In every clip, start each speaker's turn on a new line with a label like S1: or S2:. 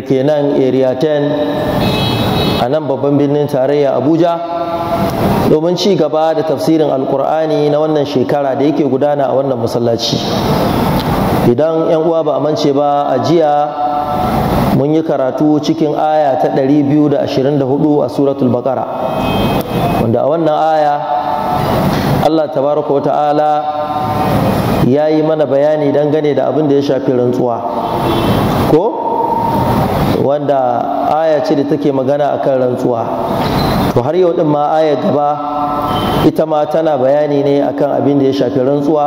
S1: da ke nan area 10 a nan babban birnin tarayya abuja domin ci gaba da tafsirin alkur'ani na wannan shekara da yake gudana a wannan masallaci idan 'yan uwa ba a mance ba a jiya mun yi karatu cikin aya ta 224 a suratul baqara wanda a wannan aya Allah tabaraka wa ta'ala ya yi mana bayani dangane da abin da ya shafi rantsuwa ko wanda aya ce da take magana a kan rantsuwa to har yau din ma aya gaba ita ma tana bayani ne akan abin da ya shafi rantsuwa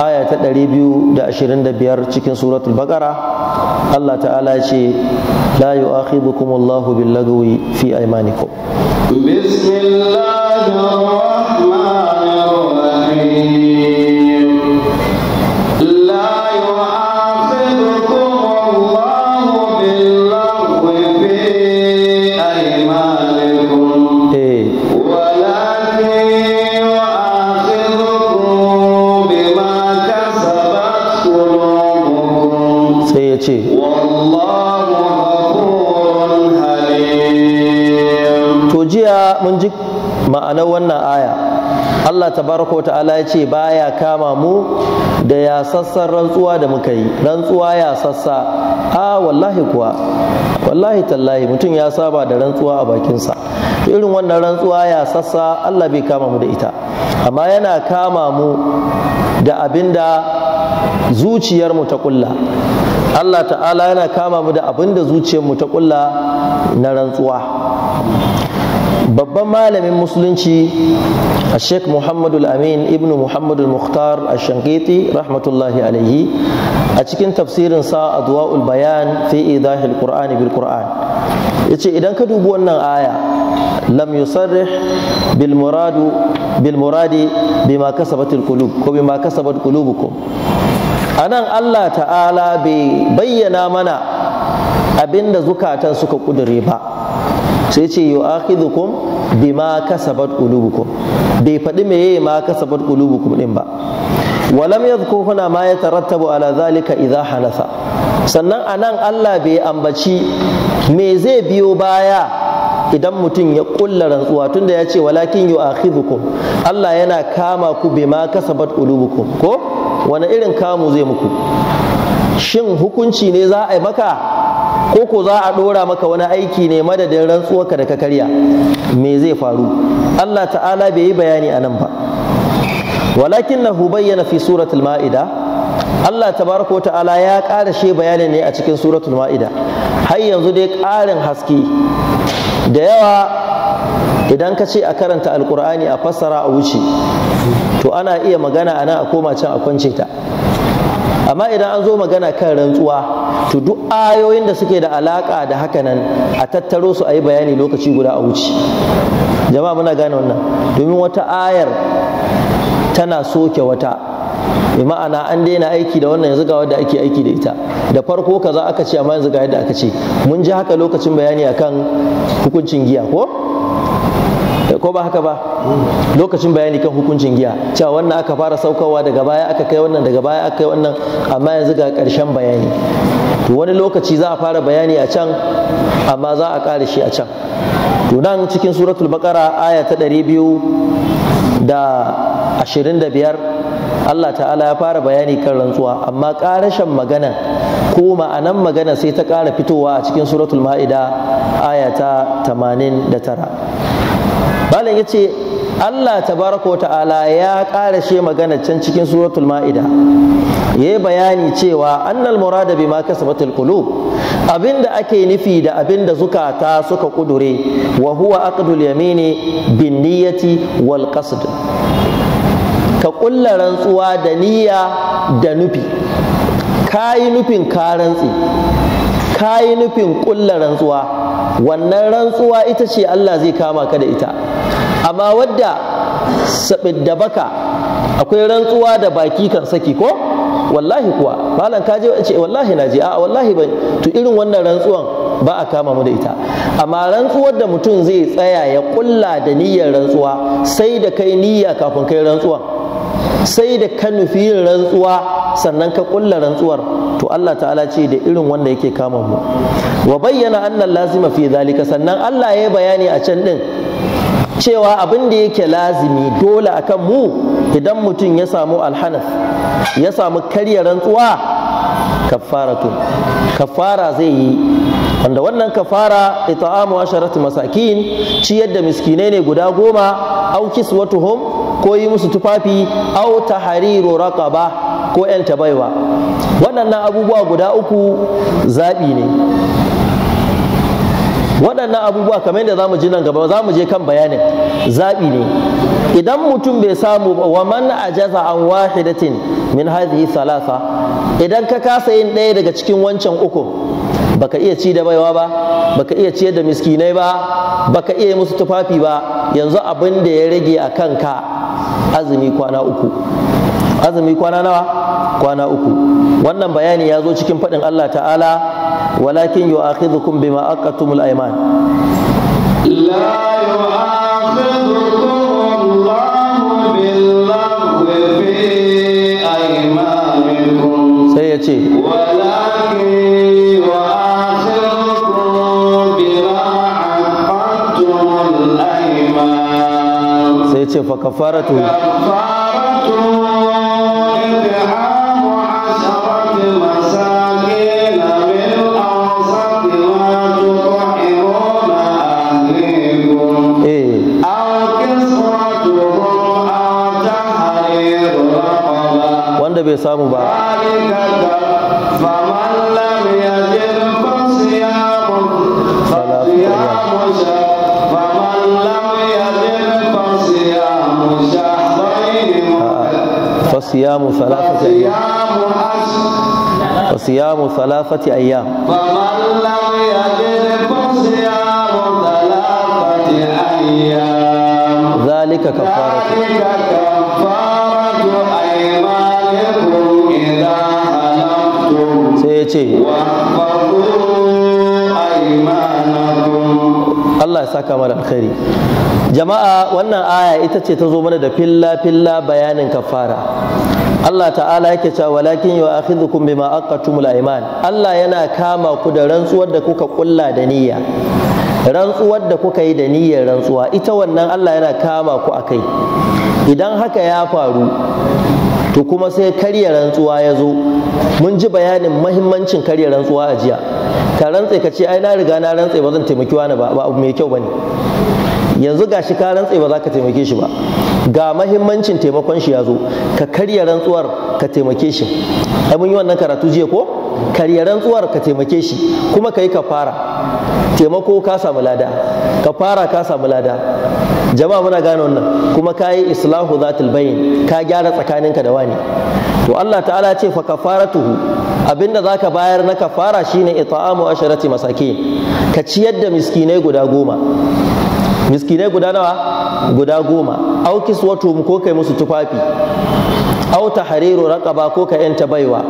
S1: aya ta 225 cikin suratul baqara Allah ta'ala ya ce la yu'akhidhukum Allahu bil lagwi fi aymanikum bismillahir rahmanir rahim mun ji ma'anar wannan aya Allah tabaraka ta'ala ya ce baya kama mu da ya sassan rantsuwa da muka yi rantsuwa ya sassa. a wallahi kuwa wallahi tallahi mutum ya saba da rantsuwa a bakinsa irin wannan rantsuwa ya sassa. Allah bai kama mu da ita amma yana kama mu da abinda zuciyarmu ta kulla Allah ta'ala yana kama mu da abinda zuciyarmu ta kulla na rantsuwa babban malamin musulunci a sheikh muhammadu amin ibn muhammadu mukhtar a shankiti rahmatullahi alaihi a cikin tafsirin sa a duwa'ul bayan fi idahil qur'ani bil qur'an ya ce idan ka dubi wannan aya lam yusarrih bil muradu bil muradi bima kasabatil qulub ko bima kasabat qulubukum anan Allah ta'ala bai bayyana mana abinda zukatan suka kudure ba sai ce yu'akhidhukum bima kasabat qulubukum bai faɗi meye ma kasabat qulubukum din ba walam yadhkur huna ma yatarattabu ala zalika idha hanasa sannan anan Allah bai ambaci me zai biyo baya idan mutum ya kulla rantsuwa tunda ya ce walakin yu akhidhukum Allah yana kama ku bima kasabat qulubukum ko wani irin kamu zai muku shin hukunci ne za a yi maka ko ko za a ɗora maka wani aiki ne madadin rantsuwarka da ka karya me zai faru Allah ta'ala bai yi bayani a nan ba na bayyana fi suratul ma'ida Allah tabaraka ta'ala ya ƙara shi bayanin ne a cikin suratul ma'ida har yanzu dai ƙarin haske da yawa idan ka ce a karanta Alƙur'ani a fassara a wuce to ana iya magana a nan a koma can a kwance ta amma idan an zo magana kan rantsuwa to duk ayoyin da suke da alaka da haka nan a tattaro su a yi bayani lokaci guda a wuce jama'a muna gane wannan domin wata ayar tana soke wata ma'ana an daina aiki da wannan yanzu ga wadda ake aiki da ita da farko kaza aka ce amma yanzu ga yadda aka ce mun ji haka lokacin bayani akan hukuncin giya ko Eh, ko ba haka ba lokacin bayani kan hukuncin giya cewa wannan aka fara saukarwa daga baya aka kai wannan daga baya aka kai wannan amma yanzu ga karshen bayani to wani lokaci za a fara bayani a can amma za a ƙare shi a can to nan cikin suratul baqara aya ta ɗari biyu da ashirin da biyar Allah ta'ala ya fara bayani kan rantsuwa amma ƙarashen magana ko ma'anan magana sai ta ƙara fitowa a cikin suratul ma'ida aya ta 89 malam ce, Allah tabaraka wa ta'ala ya ƙara she magana can cikin suratul ma'ida ya yi bayani cewa annal murada maka kasabatul qulub abinda ake nufi da abinda zukata suka kudure wa huwa aqdul yamini bin niyyati wal qasd ka ƙulla rantsuwa da niyya da nufi kayi nufin ka rantsi kayi nufin ƙulla rantsuwa wannan rantsuwa ita ce Allah zai kama ka da ita amma wadda da baka akwai rantsuwa da baki kan saki ko wallahi kuwa malam ka je ce wallahi na je a wallahi ban to irin wannan rantsuwan ba a kama mu da ita amma rantsuwar da mutum zai tsaya ya kulla da niyyar rantsuwa sai da kai niyya kafin kai rantsuwa sai da ka nufi yin rantsuwa sannan ka kulla rantsuwar to Allah ta'ala ce da irin wanda yake kama mu wa bayyana annan lazima fi zalika sannan Allah ya bayani a can din cewa abin da yake lazimi dole akan mu idan mutum ya samu alhanas ya samu karya rantsuwa kafaratun kafara zai yi wanda wannan kafara amu asharatu masakin ciyar da miskinai ne guda goma au kiswatuhum ko yi musu tufafi au tahriru raqaba ko yan tabaiwa waɗannan abubuwa guda uku zaɓi ne waɗannan abubuwa kamar yadda za mu ji nan gaba za mu je kan bayanin zaɓi ne idan mutum bai samu ba wa man ajaza an wahidatin min hadhihi thalatha idan ka kasa yin ɗaya daga cikin wancan uku baka iya ci da baiwa ba baka iya ciyar da miskinai ba baka iya musu tufafi ba yanzu abin da ya rage a kanka azumi kwana uku azumi kwana nawa kwana uku wannan bayani ya zo cikin faɗin Allah ta'ala walakin yu'akhidhukum bima aqattumul ayman la yu'akhidhukum Allahu billahi bi aymanikum sai ya ce sai ce fa kafaratu eh. wanda bai samu ba فصيام ثلاثة أيام فصيام ثلاثة أيام فمن لم يجد فصيام ثلاثة أيام ذلك كفارة ذلك كفارة أيمانكم إذا حلفتم سيتي واحفظوا أيمانكم Allah ya saka mana alkhairi jama'a wannan aya ita ce ta zo mana da filla filla bayanin kafara Allah ta'ala yake cewa walakin yu'akhidhukum bima aqatumul iman Allah yana kama ku da rantsuwar da kuka kulla da niyya rantsuwar da kuka yi da niyyar rantsuwa ita wannan Allah yana kama ku akai idan haka ya faru to kuma sai karya rantsuwa ya zo mun ji bayanin mahimmancin karya rantsuwa a jiya ka rantse ka ce ai na riga na rantse ba zan taimaki wani ba abu mai kyau bane yanzu gashi ka rantsai ba za ka taimake shi ba ga mahimmancin taimakon shi ya zo ka karya rantsuwar ka taimake shi ai mun yi wannan karatu jiya ko karya rantsuwar ka taimake shi kuma ka yi fara taimako ka samu lada ka fara ka samu lada jama'a muna gane wannan kuma ka yi islahu zatul bayin ka gyara tsakaninka da wani to Allah ta'ala ce fa kafaratuhu abinda ka bayar na kafara shine it'amu asharati masakin ka ciyar da miskinai guda goma miskinai guda nawa guda goma au kiswatuhum ko kai musu tufafi au tahriru raqaba ko ka yanta baiwa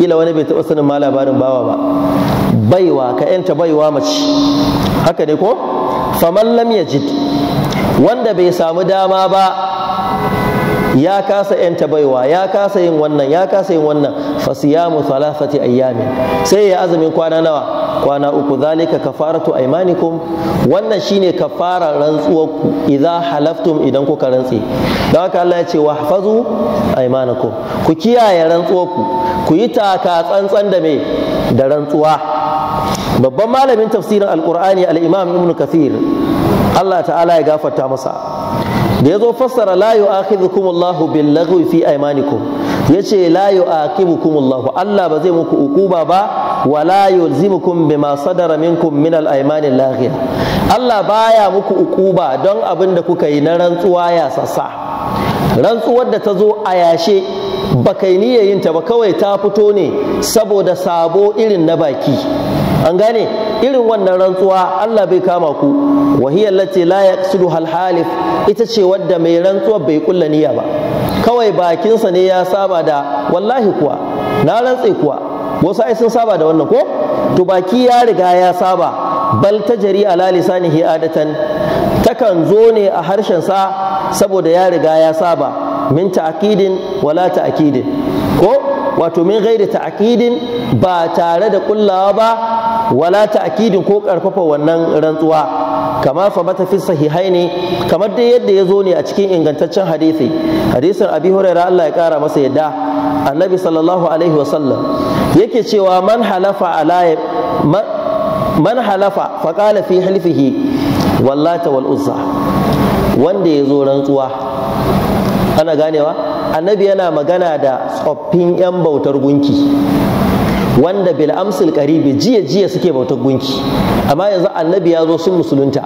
S1: kila wani bai taɓa sanin ma labarin bawa ba baiwa ka yanta baiwa mace haka ne ko faman lam yajid wanda bai samu dama ba ya kasa yanta baiwa ya kasa yin wannan ya kasa yin wannan fasiyamu thalathati ayyamin sai ya azumin kwana nawa kwana uku zalika kafaratu aymanikum wannan shine kafara ku idza halaftum idan kuka rantse don haka Allah ya ce wahfazu aymanakum ku kiyaye rantsuwar ku ku yi taka tsantsan da me da rantsuwa babban malamin tafsirin alkur'ani al'imam ibn kathir allah ta'ala ya gafarta masa da ya zo fassara la yu'akhidhukum Allahu bil laghwi fi aymanikum yace la yu'aqibukum Allahu Allah ba zai muku ukuba ba wa la yulzimukum bima sadara minkum min al aymani laghiya Allah baya muku ukuba don abin da kuka yi na rantsuwa ya sassa rantsuwar da ta zo a yashe ba kai niyyar yin ta ba kawai ta fito ne saboda sabo irin na baki an gane irin wannan rantsuwa Allah bai kama ku wa hiya allati la yaqsidu hal halif ita ce wadda mai rantsuwa bai kulla niyya ba kawai bakinsa ne ya saba da wallahi kuwa na rantse kuwa wasu ai sun saba da wannan ko to baki ya riga ya saba bal tajri ala lisanihi adatan takan zo ne a harshen sa saboda ya riga ya saba min ta'kidin wala ta'kidin ko wato min gaida ta'akidin ba tare da kullawa ba wala ta'akidin ko karfafa wannan rantsuwa kama fa bata fi sahihaini kamar dai yadda ya zo ne a cikin ingantaccen hadisi hadisin abi hurairah Allah ya kara masa yadda annabi sallallahu alaihi sallam yake cewa man halafa ala man halafa fa qala fi halfihi wallata wal uzza wanda ya zo rantsuwa ana ganewa annabi yana magana da tsoffin 'yan bautar gunki wanda bil amsil karibi jiya jiya suke bautar gunki amma yanzu annabi ya zo sun musulunta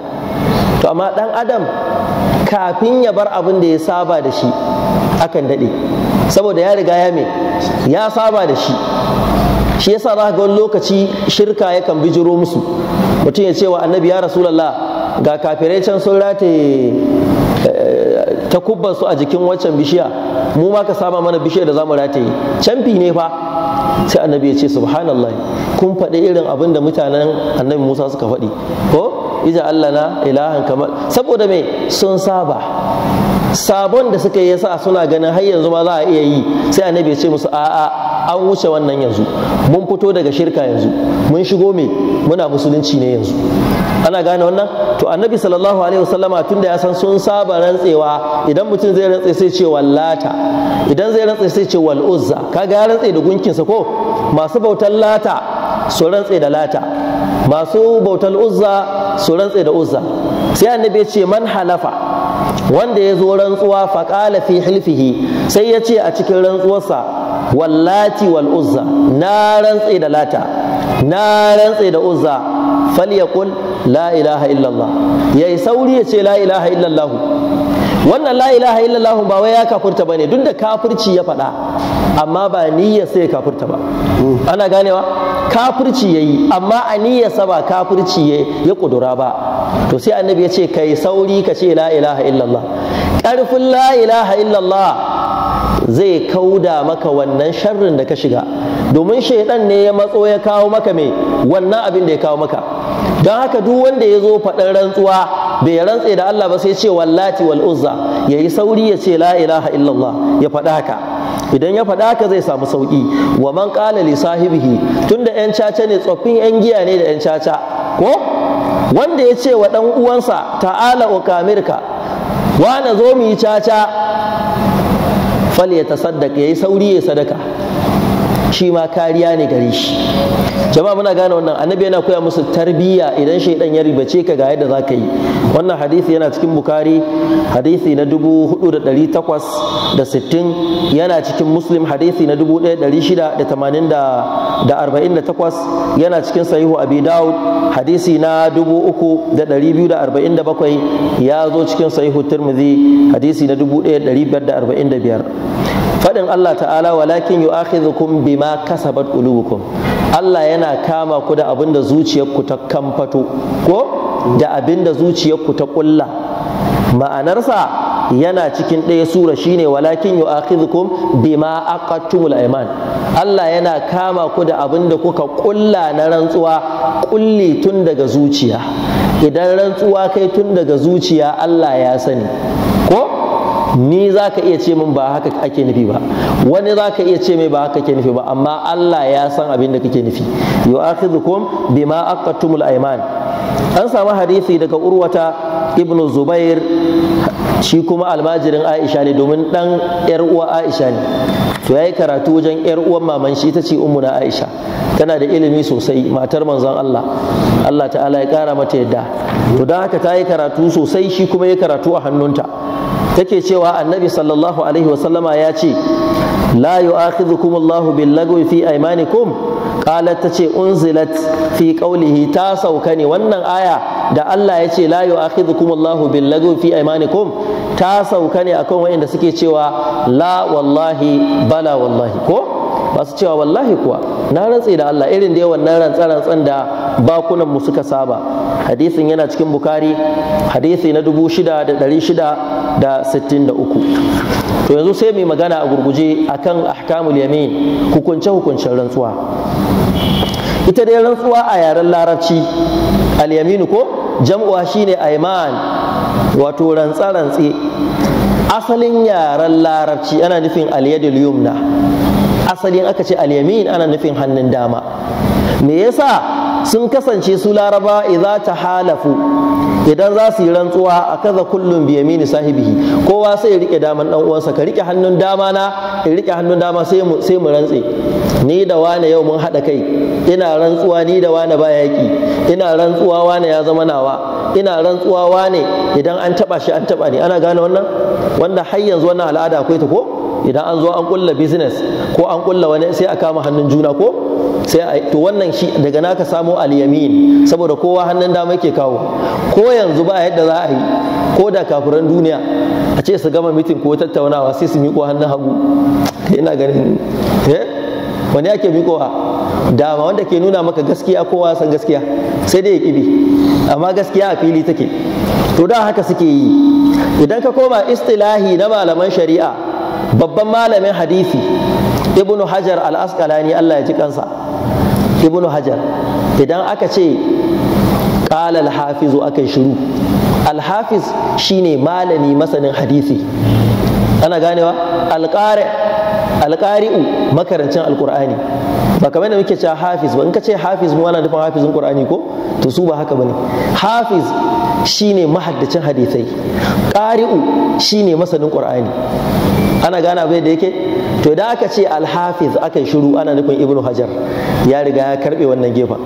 S1: to amma dan adam kafin ya bar abin da ya saba da shi akan daɗe saboda ya riga ya me ya saba da shi shi yasa za ga wani lokaci shirka yakan bijiro musu mutum ya ce wa annabi ya rasulallah ga kafirai can sun rataye eh, ta kubban su a jikin waccan bishiya mu ma ka sama mana bishiya da zamu rataye canfi ne fa sai annabi ya ce subhanallah kun faɗi irin abin da mutanen annabi Musa suka faɗi ko ija Allah na ilahan kamar saboda me sun saba sabon da suka yi yasa suna ganin har yanzu ma za a iya yi sai annabi ya ce musu a'a an wuce wannan yanzu mun fito daga shirka yanzu mun shigo me muna musulunci ne yanzu ana gane wannan to annabi sallallahu alaihi wasallama tunda ya san sun saba rantsewa idan mutum zai rantse sai ce wallata idan zai rantse sai ce wal uzza kaga ya rantse da gunkinsa ko masu bautar lata su rantse da lata masu bautar uzza su rantse da uzza sai annabi ya ce man halafa wanda ya zo rantsuwa faƙala fi hilfihi sai ya ce a cikin rantsuwarsa wallati wal uzza na rantse da lata na rantse da uzza falyakul la ilaha illallah ya yi sauri ya ce la ilaha illallah wannan la ilaha illallah ba wai ya kafurta bane duk da kafurci ya faɗa amma ba niyya sai ya kafurta ba ana ganewa kafirci yayi amma a niyyarsa ba kafurci ya kudura ba to sai annabi ya ce kai sauri ka ce la ilaha illallah ƙarfin la ilaha illallah zai kauda maka wannan sharrin da ka shiga domin shaidan ne ya matso ya kawo maka mai wannan abin da ya kawo maka don haka duk wanda ya zo faɗin rantsuwa bai rantse da Allah ba sai ce wallati wal uzza ya yi sauri ya ce la ilaha illallah ya faɗa haka idan ya faɗa haka zai samu sauƙi wa man ƙala li sahibihi tunda yan caca ne tsoffin yan giya ne da yan caca ko wanda ya ce wa ɗan uwansa ta'ala ukamirka wane zo mu yi caca fal ya ya yayi sauri ya sadaka shi ma kariya ne gare shi jama'a muna gane wannan annabi yana koya musu tarbiyya idan shaidan ya ribace ka ga yadda za ka yi wannan hadisi yana cikin bukari hadisi na 4860 yana cikin muslim hadisi na 1648 yana cikin sahihu abi daud hadisi na 3247 ya zo cikin sahihu tirmidhi hadisi na 1545 faɗin Allah ta'ala walakin yu'akhidhukum bima kasabat qulubukum Allah yana kama ku da abin da zuciyarku ta kamfato ko da abin zuciyarku ta kulla ma'anarsa yana cikin ɗaya sura shine walakin yu'akhidhukum bima aqattumul aiman. Allah yana kama ku da abin da kuka kulla na rantsuwa kulli tun daga zuciya idan rantsuwa kai tun daga zuciya Allah ya sani ko ni za ka iya ce min ba haka ake nufi ba wani za ka iya ce mai ba haka ke nufi ba amma Allah ya san abin da kake nufi yau yu'akhidhukum bima tumul aiman an samu hadisi daga urwata ibnu zubair shi kuma almajirin aisha ne domin dan yar uwa aisha ne to yayi karatu wajen yar uwan maman shi ta ce ummuna aisha tana da ilimi sosai matar manzon Allah Allah ta'ala ya kara mata yadda to haka ta yi karatu sosai shi kuma ya karatu a hannunta take cewa annabi sallallahu alaihi wasallama ya ce la yu'akhidhukum Allahu bil lagwi fi aymanikum qalat tace unzilat fi qawlihi ta sauka ne wannan aya da Allah ya ce la yu'akhidhukum Allahu bil lagwi fi aymanikum ta sauka ne akan wayanda suke cewa la wallahi bala wallahi ko Ba su cewa wallahi kuwa na rantse da Allah irin da yawan nan rantsa-rantsan da bakunan mu suka saba hadisin yana cikin bukari hadisi na dubu 6663 to yanzu sai mai magana a gurguje akan ahkamul yamin hukunce hukuncen rantsuwa ita dai rantsuwa a yaren larabci al ko jam'uwa shine ayman wato rantsa-rantse asalin yaren larabci ana nufin al-yadul yumna asalin aka ce alyamin ana nufin hannun dama me yasa sun kasance su laraba idza tahalafu idan za su yi rantsuwa a kaza kullum bi yamini sahibihi kowa sai ya rike daman dan uwansa ka rike hannun dama na in rike hannun dama sai mu sai mu rantse ni da wane yau mun hada kai ina rantsuwa ni da wane ba yaki ina rantsuwa wane ya zama nawa ina rantsuwa wane idan an taba shi an taba ni ana gane wannan wanda har yanzu wannan al'ada akwai ta ko idan an zo an kulla business ko an kulla wani sai a kama hannun juna ko sai to wannan shi daga naka samo al-yamin saboda kowa hannun dama yake kawo ko yanzu ba yadda za a yi ko da kafiran duniya a ce su gama mitin ko tattaunawa sai su miƙo hannun hagu ina ganin eh? wani ake miƙowa dama wanda ke nuna maka gaskiya kowa san gaskiya sai dai ya kibi amma gaskiya a fili take to da haka suke yi idan ka koma istilahi na malaman shari'a babban malamin hadisi ibnu hajar al-asqalani Allah ya ji kansa ibnu hajar idan aka ce qala al-hafizu aka shiru al-hafiz shine malami masanin hadisi ana ganewa al alƙari'u makarancin al alƙur'ani ba kamar da muke cewa hafiz ba in ka ce hafiz mu ana nufin hafizin qur'ani ko to su ba haka bane hafiz shine mahaddacin hadisai ƙari'u shine masanin ƙur'ani ana gane abin da yake to idan aka ce alhafiz aka shiru ana nufin ibnu hajar ya riga ya karbe wannan gefen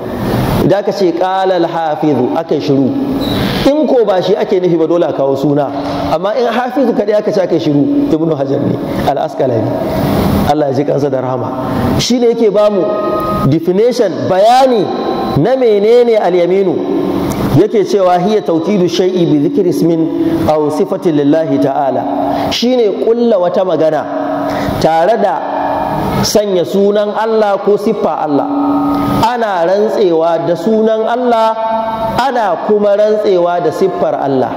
S1: idan aka ce qala alhafiz aka shiru in ko ba shi ake nufi ba dole a kawo suna amma in hafizu kaɗai aka ce aka shiru ibnu hajar ne al-asqalani Allah ya ji kansa da rahama Shi ne yake bamu definition bayani na menene al-yaminu yake cewa hiya taukidu shay'i bi dhikri ismin aw sifatin lillahi ta'ala shine kulla wata magana tare da sanya sunan Allah ko siffa Allah ana rantsewa da sunan Allah ana kuma rantsewa da siffar Allah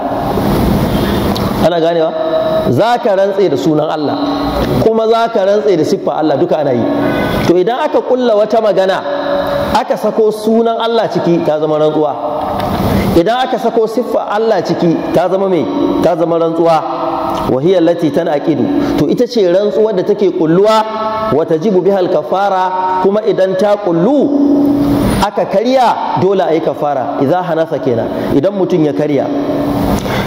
S1: ana ganewa za ka rantse da sunan Allah kuma za ka rantse da siffa Allah duka ana yi to idan aka kulla wata magana aka sako sunan Allah ciki ta zama rantsuwa idan aka sako siffa Allah ciki ta zama mai ta zama rantsuwa wahiyar lati tana aqidu to ita ce rantsuwa da take kulluwa wata jibu bihal kafara kuma idan ta kullu aka karya dole a yi kafara idan hanasa kenan idan mutum ya karya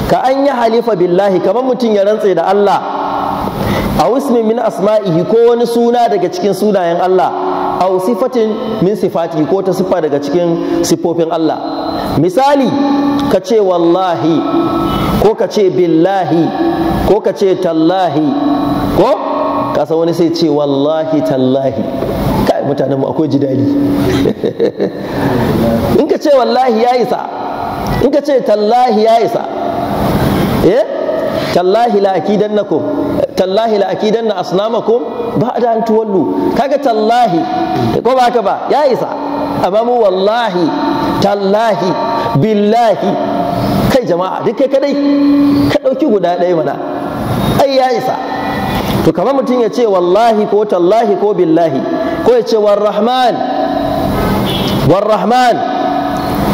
S1: ka an yi halifa billahi kamar mutum ya rantse da Allah a ismin min asma'ihi ko wani suna daga cikin sunayen Allah a sifatin min sifati ko ta siffa daga cikin siffofin Allah misali ka ce wallahi ko ka ce billahi ko ka ce tallahi ko kasa wani sai ce wallahi tallahi kai mutanenmu akwai jidali in ka ce wallahi ya isa in ka ce tallahi ya isa tallahi la akidannakum tallahi la akidanna asnamakum ba'da an tuwallu kaga tallahi ko ba haka ba ya isa amma mu wallahi tallahi billahi kai jama'a duk kai kadai ka dauki guda ɗaya mana ai ya isa to kamar mutum ya ce wallahi ko tallahi ko billahi ko ya ce warrahman warrahman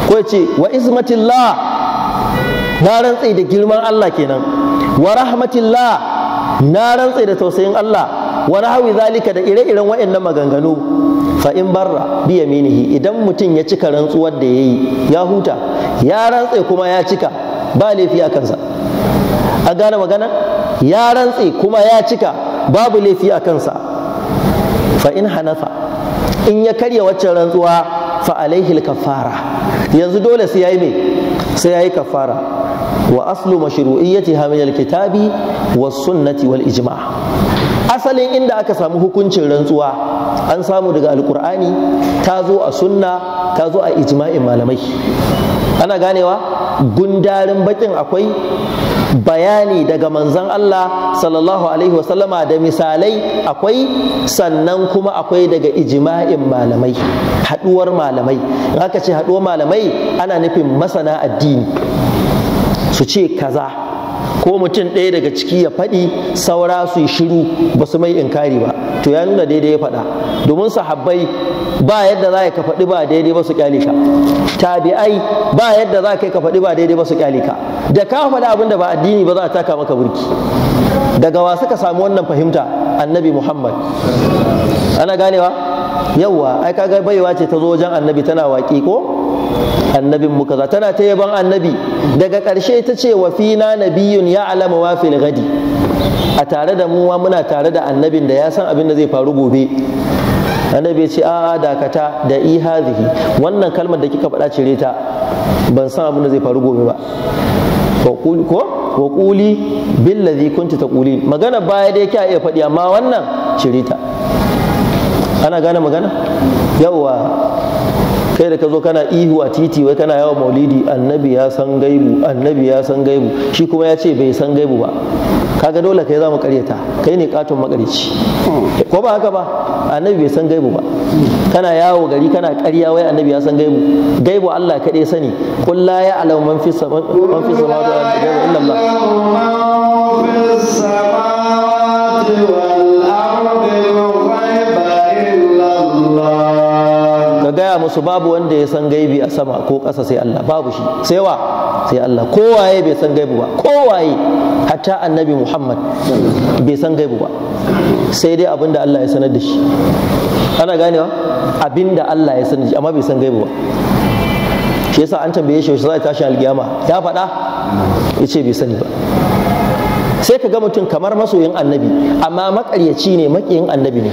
S1: ko ya ce wa izmatillah na rantsi da girman Allah kenan wa rahmatillah na rantse da tausayin Allah wa nahwi zalika da ire-iren waɗannan maganganu fa in barra bi yaminihi idan mutum ya cika rantsuwar da yayi ya huta ya rantse kuma ya cika ba laifi a kansa a gane magana ya rantse kuma ya cika babu laifi a kansa fa in hanafa in ya karya waccan rantsuwa fa alaihi kafara yanzu dole sai yayi me sai yayi kafara wa aslu mashru'iyyatiha min alkitabi was sunnati wal ijma' asalin inda aka samu hukuncin rantsuwa an samu daga alkur'ani ta zo a sunna ta zo a ijma'in malamai ana ganewa gundarin bakin akwai bayani daga manzan Allah sallallahu alaihi wasallama da misalai akwai sannan kuma akwai daga ijma'in malamai haduwar malamai in aka ce haduwar malamai ana nufin masana addini su ce kaza ko mutum ɗaya daga ciki ya faɗi saura su yi shiru ba su mai inkari ba to ya nuna daidai ya faɗa domin sahabbai ba yadda za ka faɗi ba daidai ba su kyale ka tabi'ai ba yadda za ka faɗi ba daidai ba su kyale ka da ka faɗi abin da ba addini ba za a taka maka burki daga wa suka samu wannan fahimta annabi muhammad ana ganewa yauwa ai kaga baiwa ce ta zo wajen annabi tana waƙi ko annabin mu kaza tana ta yaban annabi daga ƙarshe ta ce wa fina nabiyun ya alama wa fil gadi a tare da muwa muna tare da annabin da ya san abin da zai faru gobe annabi ya ce a dakata da i hazihi wannan kalmar da kika faɗa cire ta ban san abin da zai faru gobe ba ko wa kuli ladhi kunti taqulin magana baya dai kya iya faɗi amma wannan cire ta. ana gane magana yawa kai da ka zo kana ihu a titi wai kana yawa maulidi annabi ya san gaibu annabi ya san gaibu shi kuma ya ce bai san gaibu ba kaga dole kai za mu karyata kai ne katon makarici ko ba haka ba annabi bai san gaibu ba kana yawo gari kana karya wai annabi ya san gaibu gaibu Allah kaɗai sani qul la ya'lamu man fi samawati man samawati illa Allah gaya musu babu wanda ya san gaibi a sama ko ƙasa sai Allah babu shi sai wa sai Allah kowaye bai san gaibi ba kowaye hatta annabi Muhammad bai san gaibi ba sai dai abinda Allah ya sanar da shi ana ganewa abinda Allah ya sanar da shi amma bai san gaibi ba shi yasa an tambaye shi shi za a tashi alkiyama ya faɗa ya ce bai sani ba sai ka ga mutum kamar masoyin annabi amma maƙaryaci ne maƙiyin annabi ne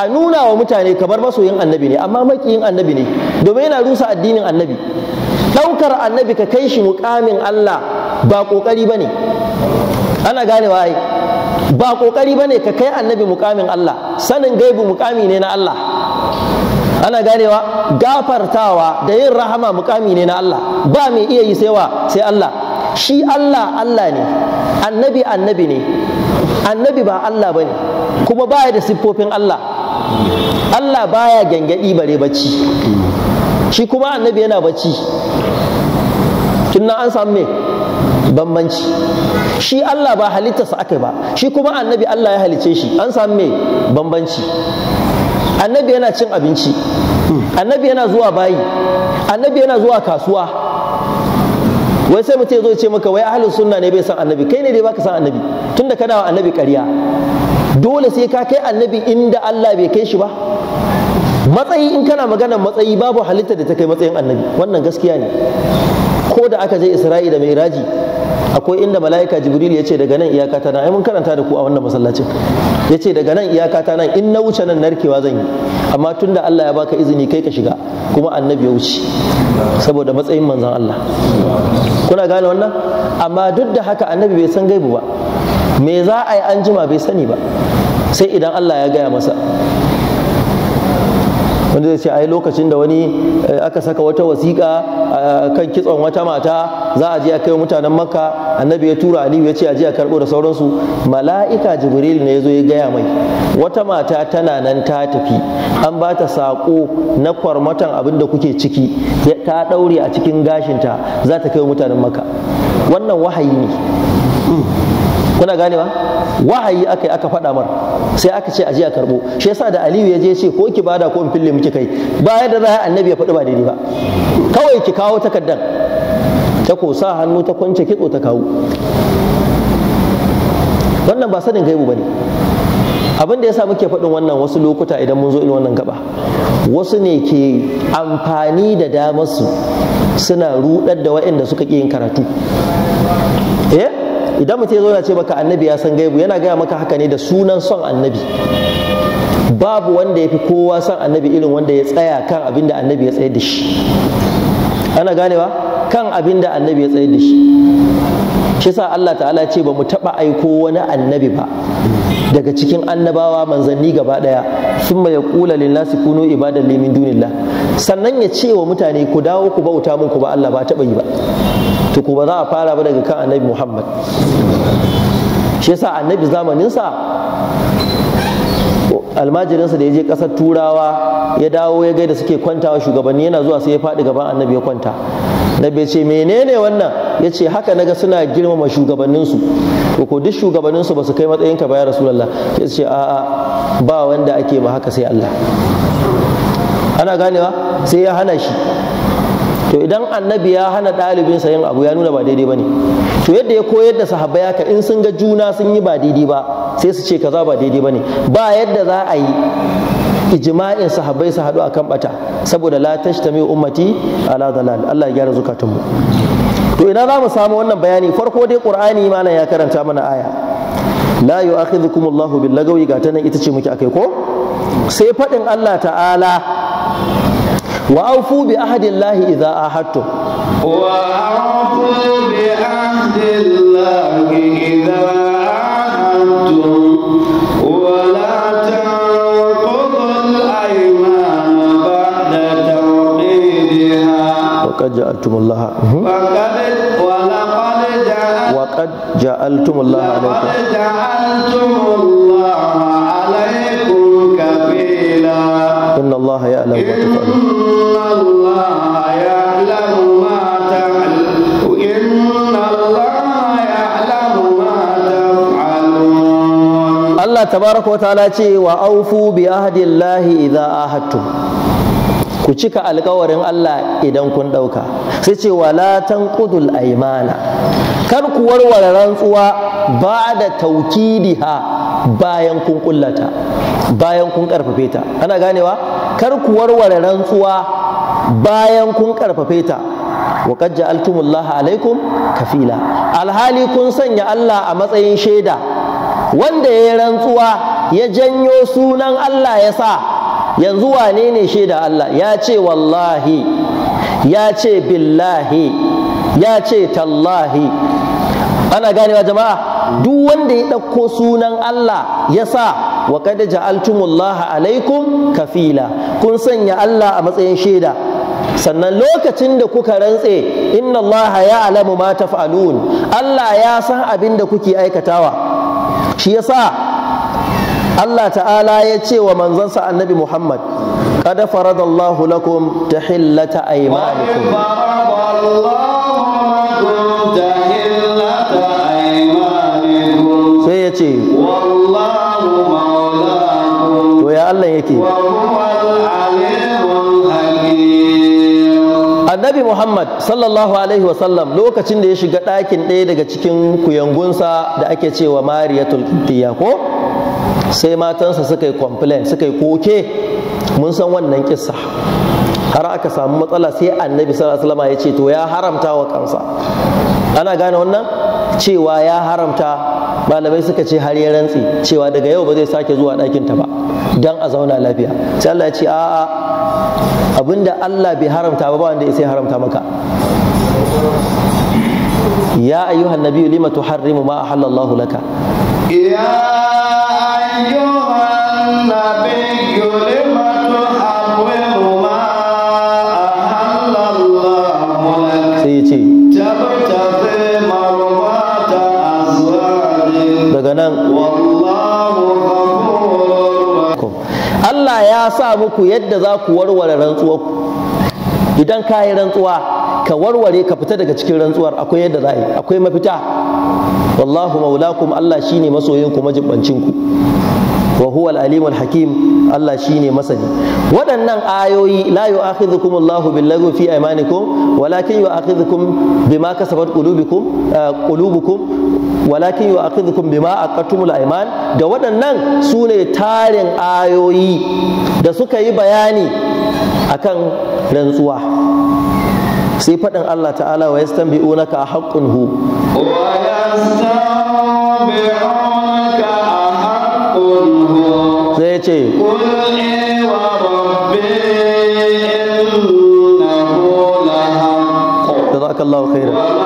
S1: a nuna wa mutane kamar masoyin annabi ne amma makiyin annabi ne domin yana rusa addinin annabi ɗaukar annabi ka kai shi mukamin Allah ba ƙoƙari ba ana ganewa ai ba ƙoƙari ba ka kai annabi mukamin Allah sanin gaibu mukami ne na Allah ana ganewa gafartawa da yin rahama mukami ne na Allah ba mai iya yi saiwa sai Allah shi Allah Allah ne annabi annabi ne annabi ba Allah bane kuma baya da siffofin Allah Allah baya gyangyaɗi bare bacci shi kuma annabi yana bacci kinna an samu me bambanci shi Allah ba halittarsa aka ba shi kuma annabi Allah ya halice shi an samu me bambanci annabi yana cin abinci annabi yana zuwa bayi annabi yana zuwa kasuwa wai sai mutum ya zo ce maka wai ahlus sunna ne bai san annabi kai ne dai baka san annabi tunda kana wa annabi ƙarya dole sai ka kai annabi inda Allah bai kai shi ba matsayi in kana magana matsayi babu halitta da ta kai matsayin annabi wannan gaskiya ne ko da aka je Isra'ila mai raji akwai inda mala'ika jibril ya ce daga nan iyaka ta nan ai mun karanta da ku a wannan masallacin ya ce daga nan iyaka ta nan in na wuce nan narkewa zan yi amma tunda Allah ya baka izini kai ka shiga kuma annabi ya wuce saboda matsayin manzon Allah kuna gane wannan amma duk da haka annabi bai san gaibu ba me za a yi anjima bai sani ba sai idan Allah ya gaya masa wanda zai ce a yi lokacin da wani eh, aka saka wata wasiƙa eh, kan kitson wata mata za a je a kai mutanen makka annabi ya tura aliyu ya ce a je a karɓo da sauransu mala'ika jibril ne ya zo ya gaya mai wata mata tana nan ta tafi an ba ta saƙo na kwarmatan abin da kuke ciki ta ɗaure a cikin gashinta za ta kai mutanen makka wannan wahayi ne kuna ganewa wahayi aka yi aka faɗa mar sai aka ce aje a karbo shi yasa da aliyu ya je ce ko ki bada ko in fille miki kai ba da za annabi ya faɗi ba daidai ba kawai ki kawo takaddan ta ko sa hannu ta kwance kitso ta kawo wannan ba sanin gaibu bane abin da yasa muke faɗin wannan wasu lokuta idan mun zo irin wannan gaba wasu ne ke amfani da su suna ruɗar da waɗanda suka ƙi yin karatu eh idan mutum ya zo ya ce maka annabi ya san gaibu yana gaya maka haka ne da sunan son annabi babu wanda ya fi kowa son annabi irin wanda ya tsaya kan abin da annabi ya tsayar da shi ana ganewa kan abin da annabi ya tsayar da shi shi sa Allah ta'ala ce ba mu taɓa aiko wani annabi ba daga cikin annabawa manzanni gaba ɗaya sun ya kula lillahi kunu ibadan limin dunillah sannan ya ce wa mutane ku dawo ku bauta mun ku ba Allah ba taɓa yi ba to ko ba za a fara ba daga kan annabi muhammad shi yasa annabi zamaninsa almajirinsa da ya je ƙasar turawa ya dawo ya gaida suke kwantawa shugabanni yana zuwa sai ya faɗi gaban annabi ya kwanta annabi ya ce menene wannan ya ce haka naga suna girmama shugabanninsu to ko duk shugabanninsu ba su kai matsayinka ba ya rasulullah ya ce a'a ba wanda ake ma haka sai Allah ana ganewa sai ya hana shi to idan annabi ya hana ɗalibinsa yin abu ya nuna ba daidai ba ne to yadda ya koyar da sahaba sahabbai haka in sun ga juna sun yi ba daidai ba sai su ce kaza ba daidai ba ne ba yadda za a yi ijma'in sahabbai su haɗu akan bata saboda la tashtami ummati ala dalal Allah ya gyara zukatunmu to ina za mu samu wannan bayani farko dai qur'ani malam ya karanta mana aya la yu'akhidhukum Allahu bil lagawi ga nan ita ce muke akai ko sai faɗin Allah ta'ala وأوفوا بعهد الله إذا عاهدتم وأوفوا بعهد الله إذا ولا تنقضوا الأيمان بعد وقد جعلتم الله وقد ولقد جعلتم الله عليكم جعلتم إن الله يعلم ما تفعلون إن الله يعلم ما تفعلون إن الله يعلم ما تفعلون الله تبارك وتعالى وأوفوا بعهد الله إذا عاهدتم ku cika alkawarin Allah idan kun ɗauka sai ce wala tanqudul aimana kar ku warware rantsuwa ba da taukidiha bayan kun kullata bayan kun karfafe ta ana ganewa kar ku warware rantsuwa bayan kun karfafe ta wa qad ja'altumullaha alaikum kafila alhali kun sanya Allah a matsayin shaida wanda ya rantsuwa ya janyo sunan Allah ya sa yanzu wane ne shaida Allah ya ce wallahi ya ce billahi ya ce tallahi ana ganewa jama'a duk wanda ya ɗauko sunan Allah ya sa wa kada ja'altumullaha alaikum kafila kun sanya Allah a matsayin shaida sannan lokacin da kuka rantse inna Allah ya alamu ma taf'alun Allah ya san abin da kuke aikatawa shi yasa Allah ta'ala ya ce wa manzansa annabi Muhammad kada faradallahu lakum tahillata aymanikum Yace to ya Allah yake annabi muhammad sallallahu alaihi wasallam lokacin da ya shiga ɗakin ɗaya daga cikin kuyangunsa da ake cewa mariyatul qibtiyya ko sai matansa suka yi complain suka yi koke mun san wannan kissa har aka samu matsala sai annabi sallallahu alaihi wasallam ya ce to ya haramta wa kansa ana gane wannan cewa ya haramta malamai suka ce har ya rantsi cewa daga yau ba zai sake zuwa ɗakin ta ba don a zauna lafiya sai Allah ya ce a'a abinda Allah bai haramta ba ba wanda ya sai haramta maka ya ayyuhan nabiyyu lima tuharrimu ma ahallallahu laka ya ayyuhan sa muku yadda za ku warware rantsuwarku idan ka yi rantsuwa ka warware ka fita daga cikin rantsuwar akwai yadda za yi akwai mafita wallahu maulakum Allah shine masoyinku majibancinku wa huwa al-alimul hakim Allah shine masani waɗannan ayoyi la yu'akhidhukum Allahu bil fi aymanikum walakin yu'akhidhukum bima kasabat qulubikum eh, qulubukum walakin yi wa akhidhukum bima aqatumul ayman da waɗannan su ne tarin ayoyi da suka yi bayani akan rantsuwa sai faɗin Allah ta'ala wa yastanbi'unaka haqqun hu wa yastanbi'unaka haqqun hu sai ce Allah الله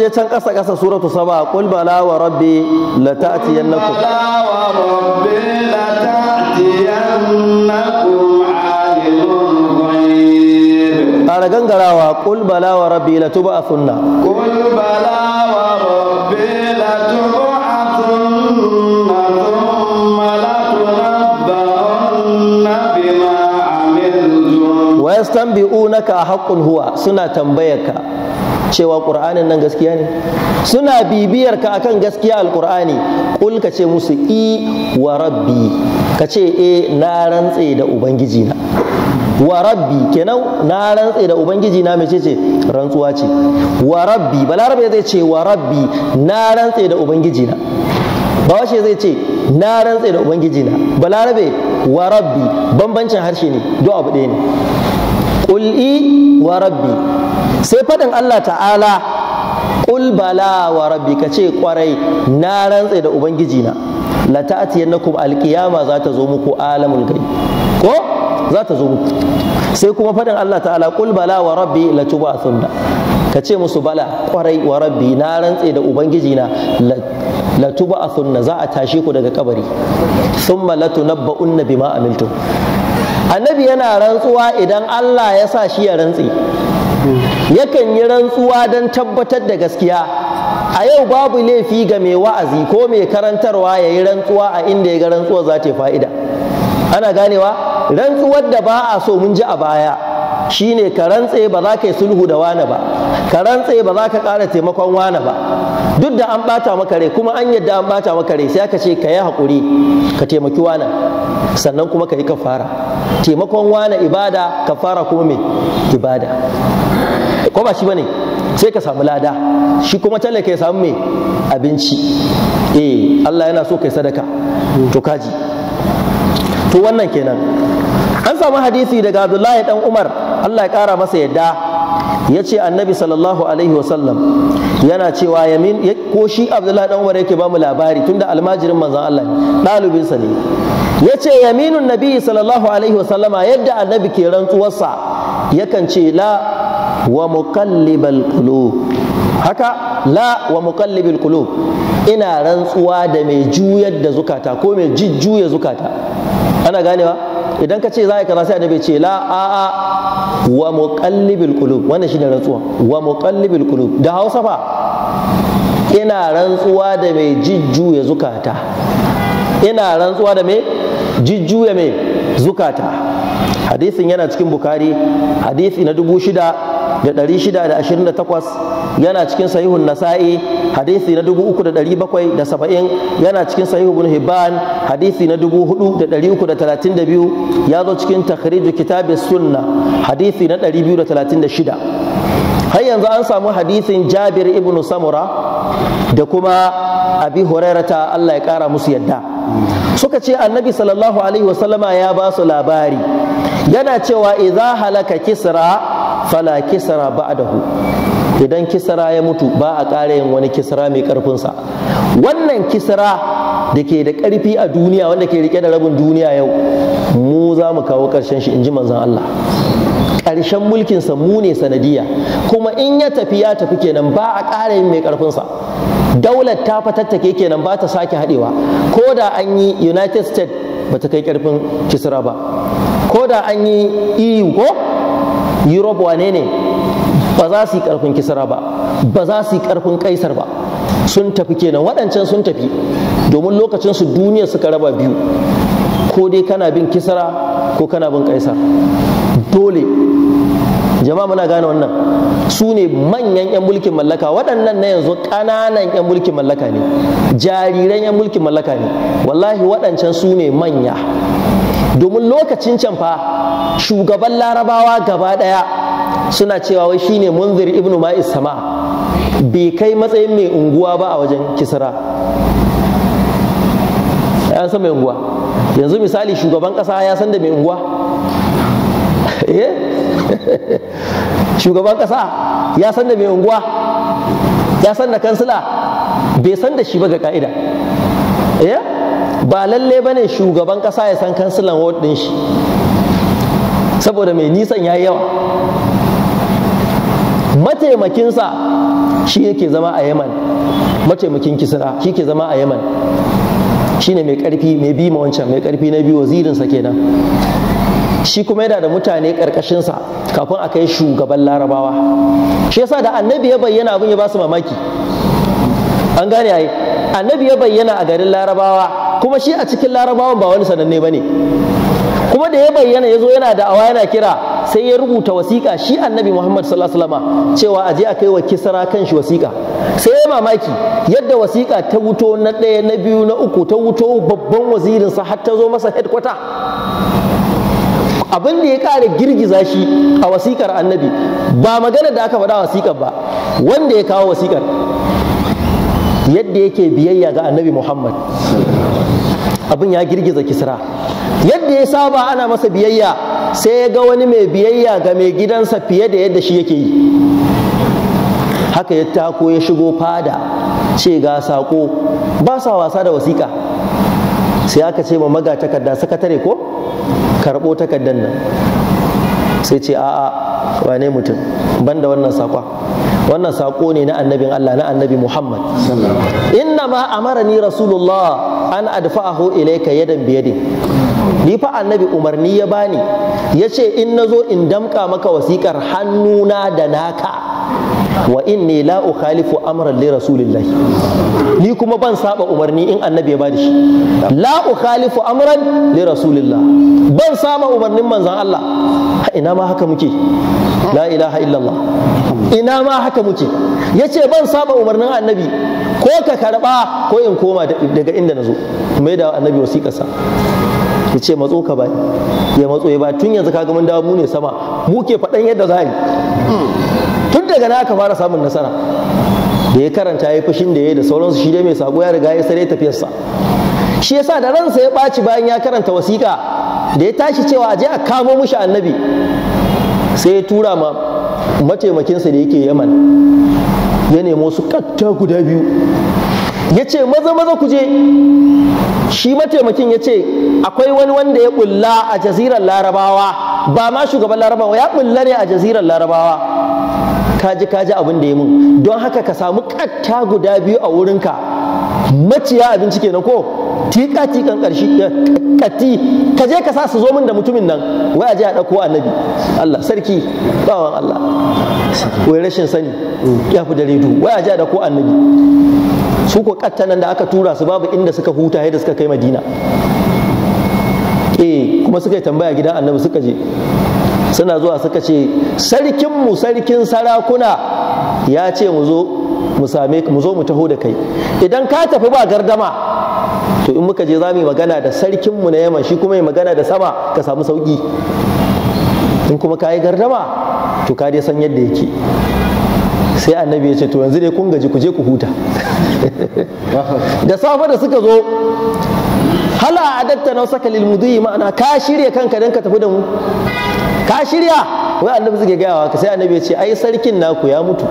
S1: je can ƙasa ƙasa suratu saba qul bala wa rabbi la ta'tiyannakum bala wa rabbi la ƙara gangarawa qul bala wa rabbi la tuba qul bala wa rabbi la tub'athunna thumma la bima huwa suna tambayarka cewa ƙur'anin nan gaskiya ne suna bibiyar ka akan gaskiya alƙur'ani ƙul ka ce musu i wa rabbi ka ce e na rantse da ubangiji na wa rabbi kenan na rantse da ubangiji na mece ce rantsuwa ce wa rabbi balarabe zai ce wa rabbi na rantse da ubangiji na bawashe zai ce na rantse da ubangiji na balarabe wa rabbi bambancin harshe ne duk abu ɗaya ne ƙul'i wa rabbi sai faɗin Allah ta'ala ƙul bala wa rabbi ka ce kwarai na rantse da ubangiji na la ta'tiyannakum alqiyama za ta zo muku alamul gari ko za ta zo muku sai kuma faɗin Allah ta'ala ƙul bala wa rabbi la tub'athunna ka ce musu bala ƙwarai wa rabbi na rantse da ubangiji na la tub'athunna za a tashe ku daga kabari thumma latunabba'unna bima amiltum annabi yana rantsuwa idan Allah ya sa shi ya rantse yakan yi rantsuwa don tabbatar da gaskiya a yau babu laifi ga mai wa'azi ko mai karantarwa ya yi rantsuwa a inda ya ga rantsuwa za ta fa'ida ana ganewa rantsuwar da ba a so mun ji a baya shine ka rantse ba za ka yi sulhu da wane ba ka rantse ba za ka ƙara taimakon wane ba duk da an bata maka rai kuma an yadda an bata maka rai sai aka ce ka yi haƙuri ka taimaki wane sannan kuma ka yi kafara taimakon wane ibada kafara kuma me ibada ko ba shi ne sai ka samu lada shi kuma talaka ya samu mai abinci eh Allah yana so ka yi sadaka to kaji to wannan kenan an samu hadisi daga abdullahi dan umar allah ya kara masa yadda ya ce annabi sallallahu alaihi wasallam yana cewa yamin ko shi abdullahi dan umar yake bamu labari tunda almajirin manzon allah ɗalibinsa ne ya ce yaminun nabi sallallahu alaihi wasallama yadda annabi ke rantsuwarsa yakan ce la wa muqallibal qulub haka la wa muqallibil qulub ina rantsuwa da mai juyar da zukata ko mai jujjuya zukata ana ganewa idan ka ce za a yi kaza sai annabi ce la a a wa muqallibil qulub wannan shine rantsuwa wa muqallibil qulub da Hausa fa ina rantsuwa da mai jijjuya zukata ina rantsuwa da mai jijjuya mai zukata hadisin yana cikin bukari hadisi na dubu shida da 628 yana cikin sahihun nasa'i hadisi na 3770 yana cikin sahihun hibban hadisi na 4332 ya zo cikin takhriju kitabis sunna hadisi na 236 har yanzu an samu hadisin jabir ibn samura da kuma abi hurairata Allah ya kara musu yadda suka ce annabi sallallahu alaihi wasallama ya ba su labari yana cewa idza halaka kisra fala kisra ba'dahu idan kisra ya mutu ba a ƙara yin wani kisra mai ƙarfinsa wannan kisra da ke da ƙarfi a duniya wanda ke rike da rabin duniya yau mu za mu kawo ƙarshen shi in ji manzon Allah ƙarshen sa mu ne sanadiya kuma in ya tafi ya tafi kenan ba a ƙara yin mai ƙarfinsa daular ta fatattake kenan ba ta sake haɗewa ko da an yi united states ba ta kai ƙarfin kisra ba ko da an yi EU ko Europe wane ne ba za su yi karfin kisra ba ba za su yi karfin kaisar ba sun tafi kenan waɗancan sun tafi domin lokacin su duniya suka raba biyu ko dai kana bin kisra ko kana bin kaisar dole jama'a muna gane wannan su ne manyan 'yan mulkin mallaka waɗannan na yanzu ƙananan 'yan mulkin mallaka ne jariran 'yan mulkin mallaka ne wallahi waɗancan su ne manya domin lokacin can fa shugaban larabawa gaba ɗaya suna cewa wai shine munzir ibnu ma'is sama bai kai matsayin mai unguwa ba a wajen kisra an san mai unguwa yanzu misali shugaban ƙasa ya san da mai unguwa eh? shugaban ƙasa ya san da mai unguwa ya san da kansila bai san da shi ba ga ka'ida eh? ba lalle ba ne shugaban kasa ya san kansilan ward din shi saboda mai nisan ya yi yawa mataimakinsa shi yake zama a yaman mataimakin kisra shi ke zama a yaman shi ne mai ƙarfi mai bi ma wancan mai ƙarfi na biyu wazirinsa kenan shi kuma yana da mutane karkashinsa kafin a kai shugaban larabawa shi yasa da annabi ya bayyana abin ya ba su mamaki an gane ai annabi ya bayyana a garin larabawa kuma shi a cikin larabawan ba wani sananne ba ne kuma da ya bayyana ya zo yana da awa yana kira sai ya rubuta wasiƙa shi annabi muhammad sallallahu alaihi wasallama cewa a je a kai wa kisara kan shi wasiƙa sai ya mamaki yadda wasiƙa ta wuto na ɗaya na biyu na uku ta wuto babban wazirin sa har ta zo masa headquarter abin da ya ƙara girgiza shi a wasiƙar annabi ba magana da aka faɗa wasiƙar ba wanda ya kawo wasiƙar yadda yake biyayya ga annabi muhammad abin ya girgiza kisra yadda ya saba ana masa biyayya sai ya ga wani mai biyayya ga mai gidansa fiye da yadda shi yake yi haka ya tako ya shigo fada ce ga saƙo ba sa wasa da wasiƙa sai aka ce ma maga takarda sakatare ko karɓo takardar nan sai ce a'a wane mutum banda wannan saƙon wannan saƙo ne na annabin Allah na annabi Muhammad inna ma amara ni rasulullah an adfa'ahu ilayka yadan biyadin ni fa annabi umarni ya bani yace in nazo in damka maka wasikar hannuna da naka wa inni la ukhalifu amran li rasulillah ni kuma ban saba umarni in annabi ya bada shi la ukhalifu amran li rasulillah ban saba umarnin manzon Allah ina ma haka muke la ilaha illallah ina ma haka muke yace ban saba umarnin annabi ko ka karba ko in koma daga inda nazo mai da annabi wasiƙarsa ya ce matso ka bai ya matso ya ba tun yanzu kaga mun dawo mu ne sama mu ke faɗan yadda za a yi tun daga na aka fara samun nasara da ya karanta ya fushin da ya da sauransu shi dai mai sako ya riga ya sare tafiyarsa shi yasa da ransa ya ɓaci bayan ya karanta wasiƙa da ya tashi cewa a je a kamo mushi annabi sai ya tura ma mataimakinsa da yake yaman ya nemo su katta guda biyu ya ce maza maza ku je shi mataimakin ya ce akwai wani wanda ya bulla a jaziran larabawa ba ma shugaban larabawa ya bulla ne a jaziran larabawa kaji kaji abin da ya mun don haka ka samu katta guda biyu a wurinka maciya abinci kenan ko tika tikan karshe eh, kati ka je ka sa su zo min da mutumin nan wai a je a dauko annabi Allah sarki bawan Allah wai rashin sani ya fi dare du wai a je a dauko annabi su ko kattanan da aka tura su babu inda suka huta yadda suka kai Madina eh kuma suka yi tambaya gidan annabi suka je suna zuwa suka ce sarkinmu sarkin sarakuna ya ce mu zo mu taho da kai idan ka tafi ba gardama to in muka je za mu yi magana da sarkinmu na yaman shi kuma yi magana da sama ka samu sauki in kuma ka yi gardama to ka dai san yadda yake sai annabi ya ce to yanzu dai kun gaji ku je ku huta da safe da suka zo hala adatta na saka lil ma'ana ka shirya kanka don ka tafi da mu ka shirya wai annabi suke gayawa ka sai annabi ya ce ai sarkin naku ya mutu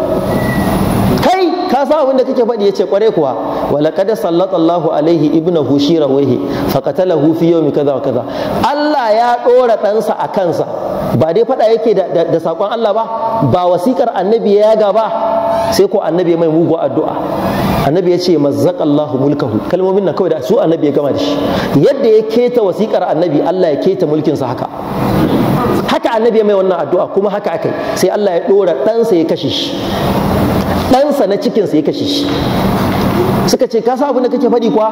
S1: kai ka sa abin da kake faɗi ya ce kwarai kuwa walaqad sallallahu alaihi ibnahu fa faqatalahu fi yawmi kaza wa kaza Allah ya dora ɗansa a kansa ba dai faɗa yake da saƙon Allah ba ba wasikar annabi ya yaga ba sai ko annabi mai mugu addu'a annabi ya ce allahu mulkahu kalmomin nan kawai da su annabi ya gama da shi yadda ya keta wasikar annabi Allah ya keta mulkinsa haka haka annabi ya mai wannan addu'a kuma haka akai sai Allah ya dora ɗansa ya kashe shi ɗansa na cikinsa ya kashe shi suka ce ka abin da kake faɗi kwa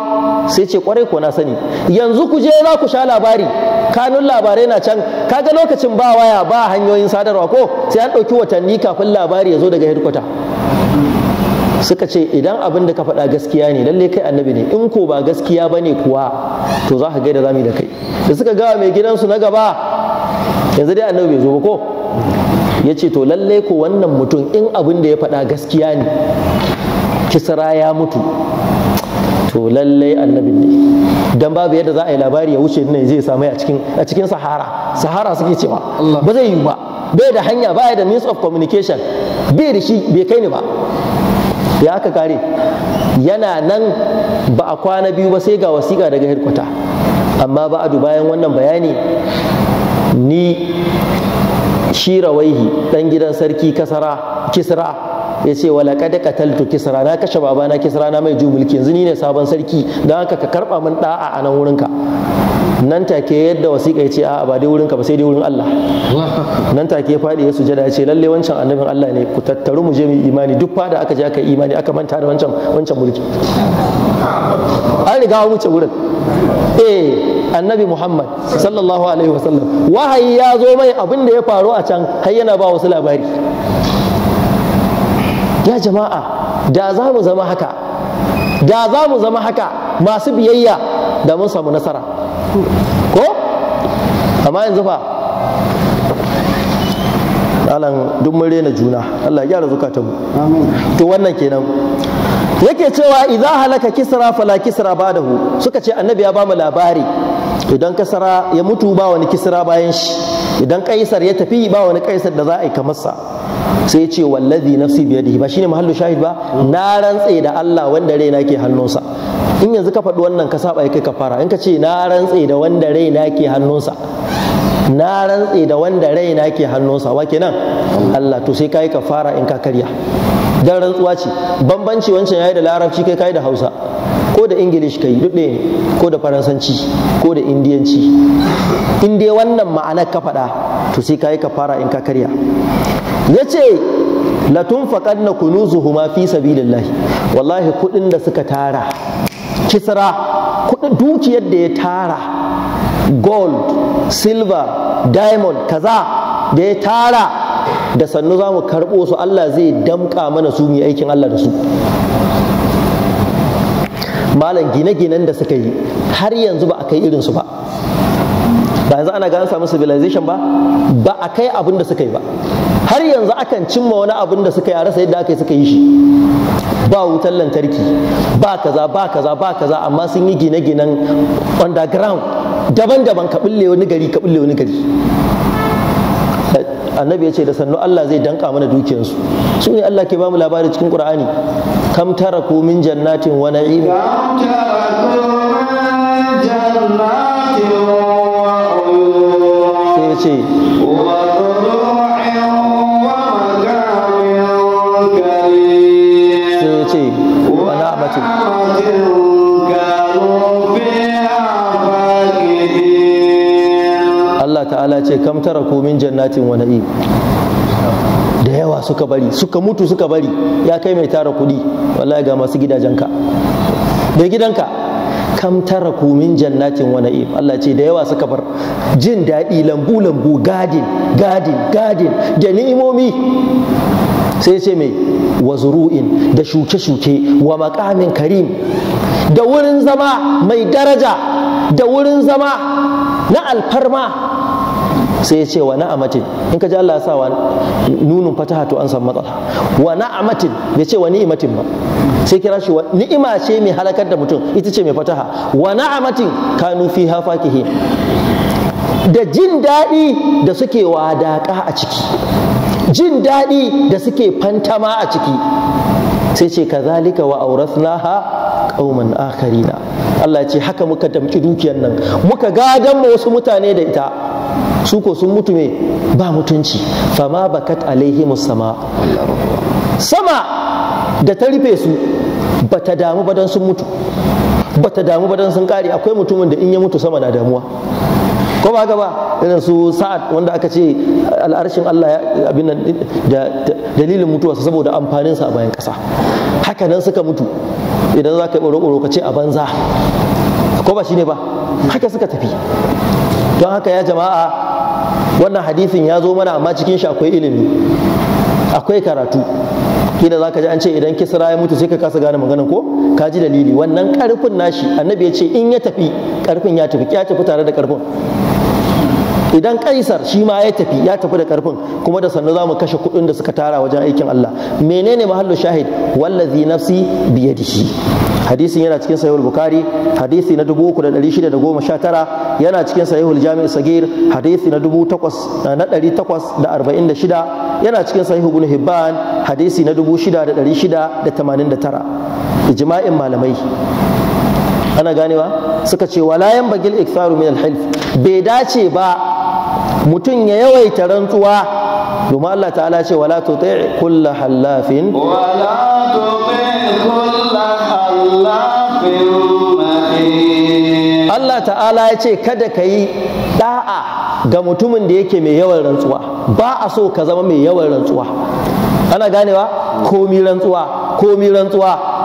S1: sai ce kwarai ko na sani yanzu ku je za ku sha labari kanun labarai na can kaga lokacin ba waya ba hanyoyin sadarwa ko sai an ɗauki watanni kafin labari ya zo daga hedkwata suka ce idan abin da ka faɗa gaskiya ne lalle kai annabi ne in ko ba gaskiya ba ne kuwa to za ka gaida zami da kai da suka gawa mai gidansu na gaba yanzu dai annabi bai zo ba ko ya ce to lalle ko wannan mutum in abin da ya faɗa gaskiya ne kisara ya mutu to lallai annabi ne dan babu yadda za a yi labari ya wuce nan zai samu a cikin sahara sahara suke cewa ba zai yi ba bai da hanya bai da means of communication bai da shi bai kai ni ba ya aka kare yana nan ba a kwana biyu ba sai ga wasiƙa daga hirkuta amma ba a bayan wannan bayani ni shi rawaihi ɗan gidan sarki kasara kisra ya ce wala kada kataltu kisra na kashe babana kisra na mai ju mulki yanzu ni ne sabon sarki don haka ka karba min da'a a nan wurinka nan take yadda wasiƙa ya ce a'a ba dai wurinka ba sai dai wurin Allah nan take ya faɗi ya sujada ya ce lalle wancan annabin Allah ne ku tattaru mu je mu imani duk fada aka je aka yi imani aka manta da wancan wancan mulki an riga wuce wurin eh annabi Muhammad sallallahu alaihi wasallam wahayi ya zo mai abin da ya faru a can har yana ba wasu labari ya jama'a da za mu zama haka da za mu zama haka masu biyayya da mun samu nasara ko amma yanzu fa alan duk mun rena juna Allah ya gyara mu to wannan kenan yake cewa idza halaka kisra fala kisra ba'dahu suka ce annabi ya bamu labari idan kasara ya mutu ba wani kisra bayan shi idan kaisar ya tafi ba wani kaisar da za a yi kamar sa sai ya ce wallazi nafsi biyadihi ba shine mahallu shahid ba na rantse da Allah wanda raina ke hannunsa in yanzu ka faɗi wannan ka saba kai kafara in ka ce na rantse da wanda raina ke hannunsa na rantse da wanda raina ke hannunsa wa kenan Allah to sai kai kafara in ka karya dan rantsuwa ce bambanci wancan yayi da larabci kai kai da Hausa ko da English kai duk ne ko da Faransanci ko da Indiyanci in dai wannan ma'anar ka faɗa to sai kai kafara in ka karya yace faqanna kunuzuhuma fi sabilillahi wallahi kudin da suka tara kisra kudin dukiyar da ya tara gold silver diamond kaza da ya tara da sannu za mu karɓo su Allah zai damƙa mana su mu aikin Allah da su malam gine-ginen da suka yi har yanzu ba a kai irinsu ba ba yanzu ana ga an samu civilization ba ba a kai abin da suka yi ba har yanzu akan cimma wani abin da suka yi a rasa yadda aka yi suka yi shi ba wutar lantarki ba kaza ba kaza ba kaza amma sun yi gine-ginen underground daban-daban ka bulle wani gari ka bulle wani gari annabi ya ce da sannu Allah zai danka mana dukiyarsu su ne Allah ke ba mu labari cikin Qur'ani kam taraku min jannatin wa na'im ce Allah ta'ala ce kam tara min jannatin wa na'im da yawa suka bari suka mutu suka bari ya kai mai tara kudi wallahi ga masu gidajenka da gidanka kam tara min jannatin wa na'im Allah ce da yawa suka bar jin daɗi lambu-lambu gadin gadin gadin da ni'imomi sai ce mai wa da shuke-shuke wa makamin karim da wurin zama mai daraja da wurin zama na alfarma sai ce wa na'amatin in ka ji Allah sa wa nunun fataha to an san matsala wa na'amatin bai ce wa ni'imatin ba sai kira shi ni'ima ce mai halakar da mutum ita ce mai fataha wa na'amatin kanu fiha fakihin da jin daɗi da suke wadaƙa a ciki jin daɗi da suke fantama a ciki sai ce ka zalika wa aurasnaha ƙauman akarina Allah ce haka muka damci dukiyar nan muka gadon ma wasu mutane da ita su ko sun mutu me ba mutunci fama bakat alaihimus sama sama da ta rufe su bata damu ba don sun mutu ta damu ba don sun kare akwai mutumin da in ya mutu sama na damuwa ko ba gaba irin su sa'ad wanda aka ce al'arshin Allah ya abin nan da dalilin mutuwarsa saboda sa a bayan kasa haka nan suka mutu idan za ka yi ɓoro ka ce a banza ko ba shine ba haka suka tafi don haka ya jama'a wannan hadisin ya zo mana amma cikin shi akwai ilimi akwai karatu kila za ka ji an ce idan kisra ya mutu sai ka kasa gane magana ko ka ji dalili wannan karfin nashi annabi ya ce in ya tafi karfin ya tafi ya tafi tare da karfin idan kaisar shi ma ya tafi ya tafi da karfin kuma da sannu za mu kashe kuɗin da suka tara wajen aikin Allah menene mahallu shahid wallazi nafsi biyadihi hadisin yana cikin sahihul bukhari hadisi na 3619 yana cikin sahihul jami' sagir hadisi na 8846 eh, yana cikin sahihul ibn hibban hadisi na 6689 ijma'in malamai ana ganewa suka ce wala yan bagil iktharu min al bai dace ba mutum ya yawaita rantsuwa domin Allah ta'ala ce wala tuti kulla hallafin wala tuti kulla hallafin Allah ta'ala ya ce kada ka yi da'a ga mutumin da yake mai yawan rantsuwa ba a so ka zama mai yawan rantsuwa ana ganewa komi rantsuwa komi rantsuwa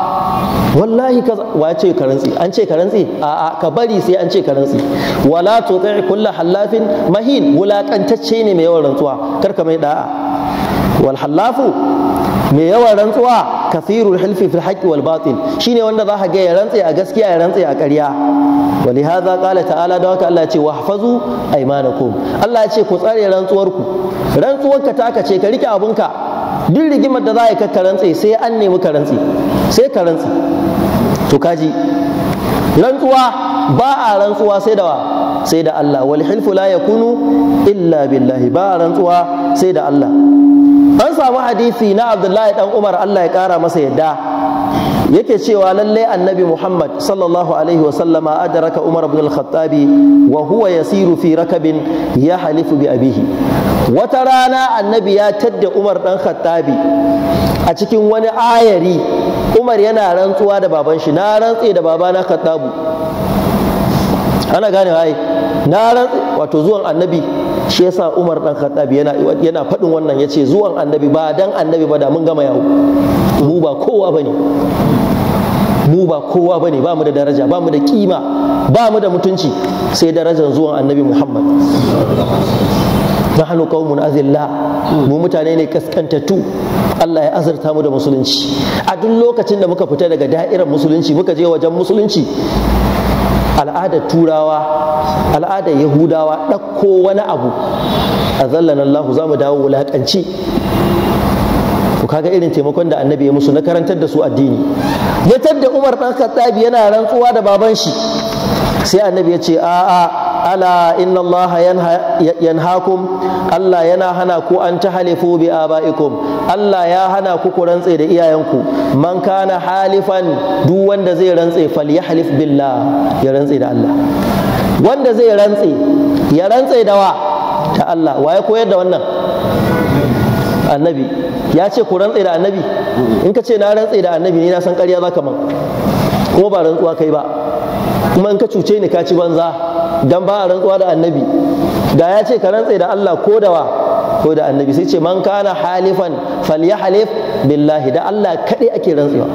S1: wallahi kaza wa ce ka an ce ka a a ka bari sai an ce ka rantsi wala tuti kullu halafin mahin wulakantacce ne mai yawan rantsuwa kar ka mai da'a wal halafu mai yawan rantsuwa kasirul hilfi fil haqqi wal batin shine wanda za ka ga ya rantse a gaskiya ya rantse a ƙarya walihaza qala ta'ala da haka Allah ya ce wahfazu aymanakum Allah ya ce ku tsare rantsuwarku rantsuwarka taka ce ka rike abunka duk rigimar da za ka rantse sai an nemi ka sai ka rantse to kaji rantsuwa ba a rantsuwa sai da sai da Allah wal hilfu la yakunu illa billahi ba a rantsuwa sai da Allah an samu hadisi na Abdullahi dan Umar Allah ya kara masa yadda yake cewa lallai annabi Muhammad sallallahu alaihi wasallama adraka Umar ibn al-Khattabi wa huwa yasiru fi rakabin ya halifu bi abihi wata rana annabi ya tadda Umar dan Khattabi a cikin wani ayari umar yana rantsuwa da baban shi na rantse da babana khattabu ana gane ai na rantse wato zuwan annabi shi yasa umar dan khattabi yana yana faɗin wannan yace zuwan annabi ba dan annabi ba da mun gama yawo mu ba kowa bane mu ba kowa bane ba mu da daraja ba mu da kima ba mu da mutunci sai darajar zuwan annabi muhammad nahnu qaumun azillah mu mutane ne kaskantattu Allah ya azurta mu da musulunci a duk lokacin da muka fita daga da'irar musulunci muka je wajen musulunci al'adar turawa al'adar yahudawa ɗauko wani abu a zallan Allah za mu dawo wulaƙanci ku kaga irin taimakon da annabi ya musu na karantar da su addini ya da umar ɗan khattabi yana rantsuwa da baban shi sai annabi ya ce a'a ala inna allaha yanhakum Allah yana hana ku an ta halifu bi abaikum Allah ya hana ku ku rantse da iyayenku man kana halifan duk wanda zai rantse Fal halif billah ya rantse da Allah wanda zai rantse ya rantse da wa ta Allah waye koyar da wannan annabi ya ce ku rantse da annabi in ka ce na rantse da annabi ne na san ƙarya zaka man kuma ba rantsuwa kai ba kuma in ka cuce ni ka ci banza dan ba a rantsuwa da annabi da ya ce ka rantsa da Allah ko da wa ko da annabi sai ce man kana halifan falyahlif billahi da Allah kade ake rantsewa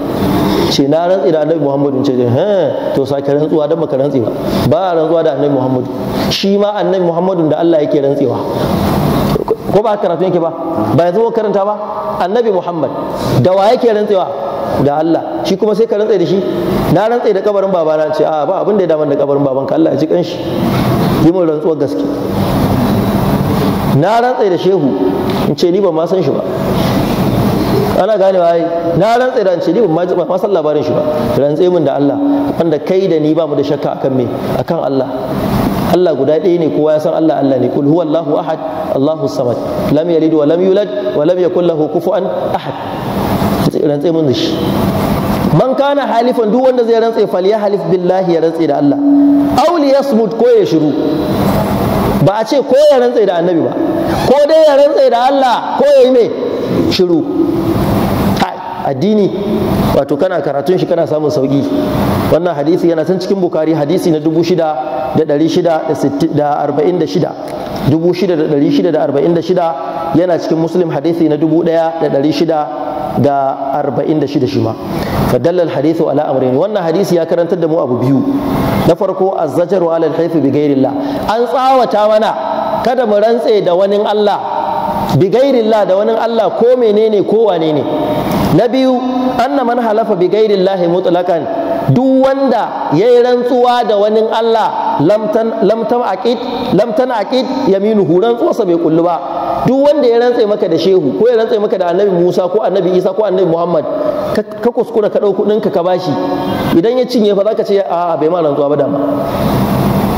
S1: ce na rantsi da annabi muhammadu ce ha to sake rantsuwa dan baka rantsi ba ba rantsuwa da annabi muhammadu shi ma annabi muhammadu da Allah yake rantsewa ko ba karatu yake ba ba yanzu ko karanta ba annabi muhammad da wa yake rantsewa da Allah shi kuma sai ka rantsai da shi na rantse da kabarin babana ce a ba abin da ya damar da kabarin baban ka Allah ya ji kanshi yi mun rantsuwar gaske na rantse da shehu in ce ni ban ma san shi ba ana gane ai na rantse da in ce ni ban ma san labarin shi ba rantse min da Allah wanda kai da ni ba mu da shakka akan me akan Allah Allah guda ɗaya ne kowa ya san Allah Allah ne kul huwallahu ahad Allahu samad lam yalid wa lam yulad wa lam yakul lahu kufuwan ahad rantse mun da shi man kana halifan duk wanda zai rantse fal ya halif billahi ya rantse da Allah aw li yasmut ko ya shiru ba a ce ko ya rantse da annabi ba ko dai ya rantse da Allah ko ya yi me shiru addini wato kana karatun shi kana samun sauki wannan hadisi yana san cikin bukari hadisi na 6646 6646 yana cikin muslim hadisi na shida. da arba'in da shida shi ma fadallal hadithu ala amrayn wannan hadisi ya karantar da mu abu biyu na farko azzajaru ala alhaythu bi ghairillah an tsawata mana kada mu rantse da wani Allah bi ghairillah da wani Allah ko menene ko wane ne na biyu anna man halafa bi ghairillah mutlaqan duk wanda ya yi rantsuwa da wani Allah lamtan aqid lamtan aqid yaminuhu rantsuwarsa bai kullu ba duk wanda ya rantsa maka da shehu ko ya rantsa maka da annabi Musa ko annabi Isa ko annabi Muhammad ka kuskura ka ɗau kuɗin ka bashi idan ya cinye fa zaka ce a bai ma rantsuwa ba dama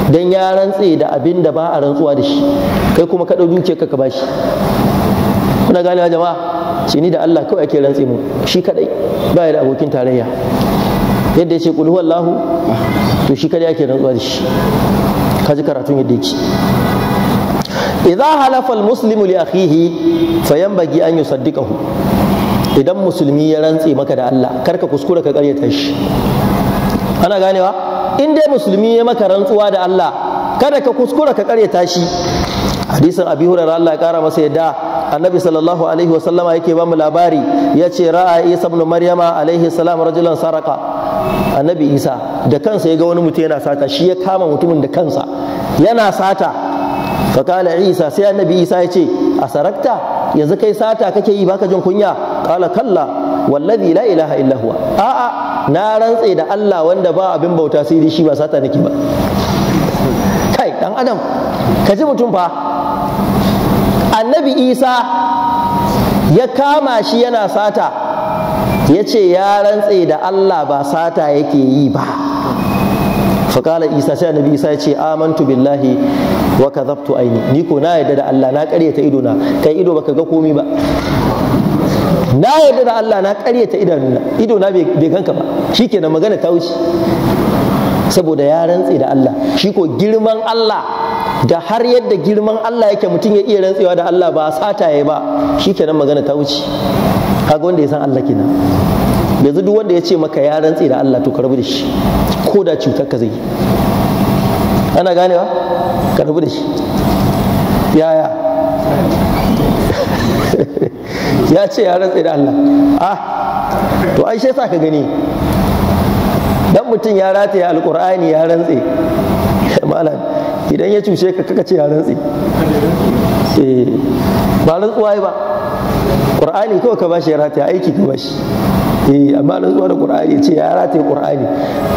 S1: dan ya rantse da abinda da ba a rantsuwa da shi kai kuma ka ɗau dukiyar ka bashi kuna ganewa jama'a shi ni da Allah kawai ake rantse mu shi kadai ba ya da abokin tarayya yadda ya ce kul wallahu, to shi kada yake rantsuwa da shi kaji karatun yadda yake idza halafa almuslimu li akhihi fayanbaghi an yusaddiqahu idan musulmi ya rantse maka da Allah karka kuskura ka karyata shi ana ganewa in dai musulmi ya maka rantsuwa da Allah kada ka kuskura ka karyata shi hadisin abi hurairah Allah ya kara masa yadda annabi sallallahu alaihi wa sallama yake ba mu labari yace ra'a isa ibn maryama alaihi salam rajulan saraka annabi isa da kansa ya ga wani mutum yana sata shi ya kama mutumin da kansa yana sata fa kala isa sai annabi isa ya ce a sarakta yanzu kai sata kake yi baka jin kunya kala kalla wallazi la ilaha illa huwa a'a na rantse da Allah wanda ba abin bauta sai shi ba sata nake ba kai dan adam ka ji mutum fa annabi isa ya kama shi yana sata ya ce ya rantse da allah ba sata yake yi ba fakala isa sai annabi isa ya ce amantu billahi wa kadhabtu aini ni ko na yarda da allah na karyata idona, na kai ido baka ga komi ba na yarda da allah na karyata idanuna ido na bai ganka ba shikenan magana ta wuce saboda ya rantse da allah shi ko girman allah da har yadda girman Allah yake mutum ya iya rantsewa da Allah ba sata ya ba shikenan magana ta wuce kaga wanda ya san Allah kina yanzu duk wanda ya ce maka ya rantse da Allah to karbi da shi ko da cutar ka zai ana ganewa karbi da shi yaya ya ce ya rantse da Allah ah to ai sai sa ka gani dan mutum ya rataya alqur'ani ya rantse malam idan ya cuce ka kaka ce ya rantsi eh, ba rantsuwa ba ƙur'ani kawai ka bashi ya rataya aiki ka bashi shi eh, amma rantsuwa da ƙur'ani ce ya rataya ƙur'ani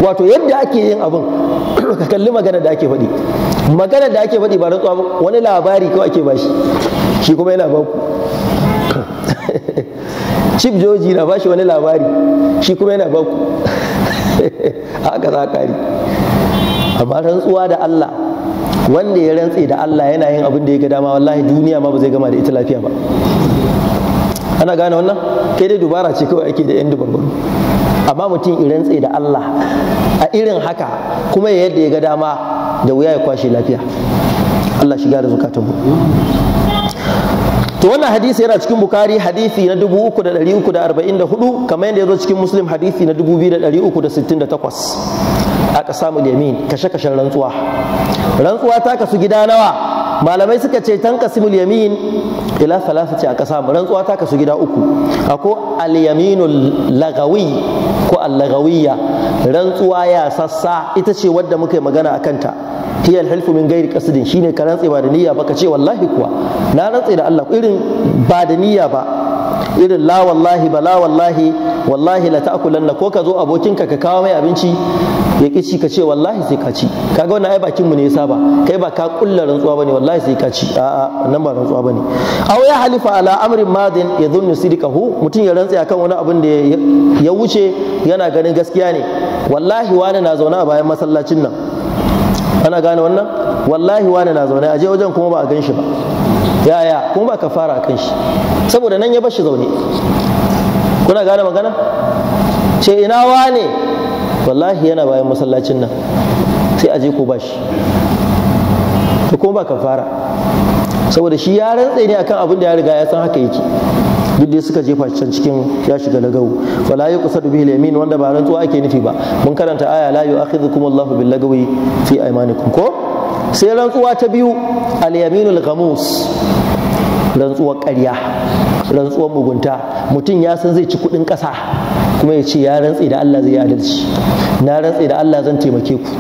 S1: wato yadda ake yin abin ka kalli magana da ake faɗi magana da ake faɗi ba rantsuwa ba wani labari kawai ake bashi shi kuma yana baku Chief Joji na bashi wani labari shi kuma yana baku haka za kari amma rantsuwa da Allah wanda ya rantse da Allah yana yin abin da ya ga dama wallahi duniya ma ba zai gama da ita lafiya ba ana gane wannan kai dai dubara ce kawai ake da yan dubarbaru amma mutum ya rantse da Allah a irin haka kuma ya yadda ya ga dama da wuya ya kwashe lafiya Allah shiga da mu to wannan hadisi yana cikin bukari hadisi na 3344 kamar yadda ya zo cikin muslim hadisi na 2368 a da yamin kashe kashen rantsuwa rantsuwa ta kasu gida nawa malamai suka ce tan kasimul yamin ila thalathati mu. rantsuwa ta kasu gida uku ako al yaminul lagawi ko al lagawiyya rantsuwa ya sassa ita ce wadda muka yi magana akan ta hiya al hilfu min ghairi qasdin shine ka rantse ba da niyya ba ka ce wallahi kuwa na rantse da Allah irin ba da niyya ba irin la wallahi ba la wallahi wallahi la ta'kulanna ko ka zo abokinka ka kawo mai abinci ya kici ci ka ce wallahi sai ka ci kaga wannan ai bakin mu ne ya saba kai ba ka kullar rantsuwa bane wallahi wallahi sai ka ci a'a nan ba rantsuwa bane aw ya halifa ala amrin madin yadhunnu sidqahu mutum ya rantsa akan wani abin da ya wuce yana ganin gaskiya ne wallahi wani na zauna a bayan masallacin nan ana gane wannan wallahi wani na zaune a je wajen kuma ba a gan shi ba yaya kuma ba ka fara akan shi saboda nan ya bar shi zaune kuna gane magana ce ina wane wallahi yana bayan masallacin nan sai aje ko ba shi to kuma ba kafara saboda shi ya rantse ne akan abin da ya riga ya san haka yake duk da suka jefa can cikin ya shiga lagawu fala yuqsadu bihi al-yamin wanda ba rantsuwa ake nufi ba mun karanta aya la yu'akhidhukum Allahu bil lagawi fi aymanikum ko sai rantsuwa ta biyu al-yaminul ghamus rantsuwar ƙarya rantsuwar mugunta mutum ya san zai ci kuɗin ƙasa kuma ya ce ya rantse da Allah zai adalci na rantse da Allah zan taimake ku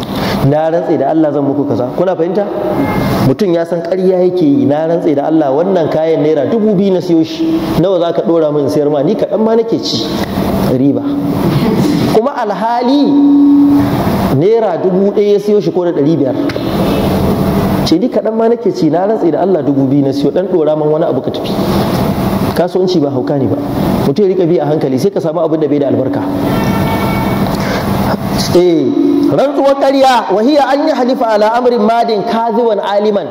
S1: na rantse da Allah zan muku kaza kuna fahimta mutum ya san karya yake yi na rantse da Allah wannan kayan naira dubu biyu na siyo shi nawa za ka ɗora min siyar ma ni kaɗan ma nake ci riba kuma alhali naira dubu ɗaya ya siyo shi ko da ɗari biyar ce ni kaɗan ma nake ci na rantse da Allah dubu biyu na siyo ɗan ɗora min wani abu ka tafi kasuwanci ba hauka ne ba mutum ya riƙa bi a hankali sai ka samu abin da bai da albarka eh rantsuwar ƙarya wahiya an yi halifa ala amrin madin kaziwan aliman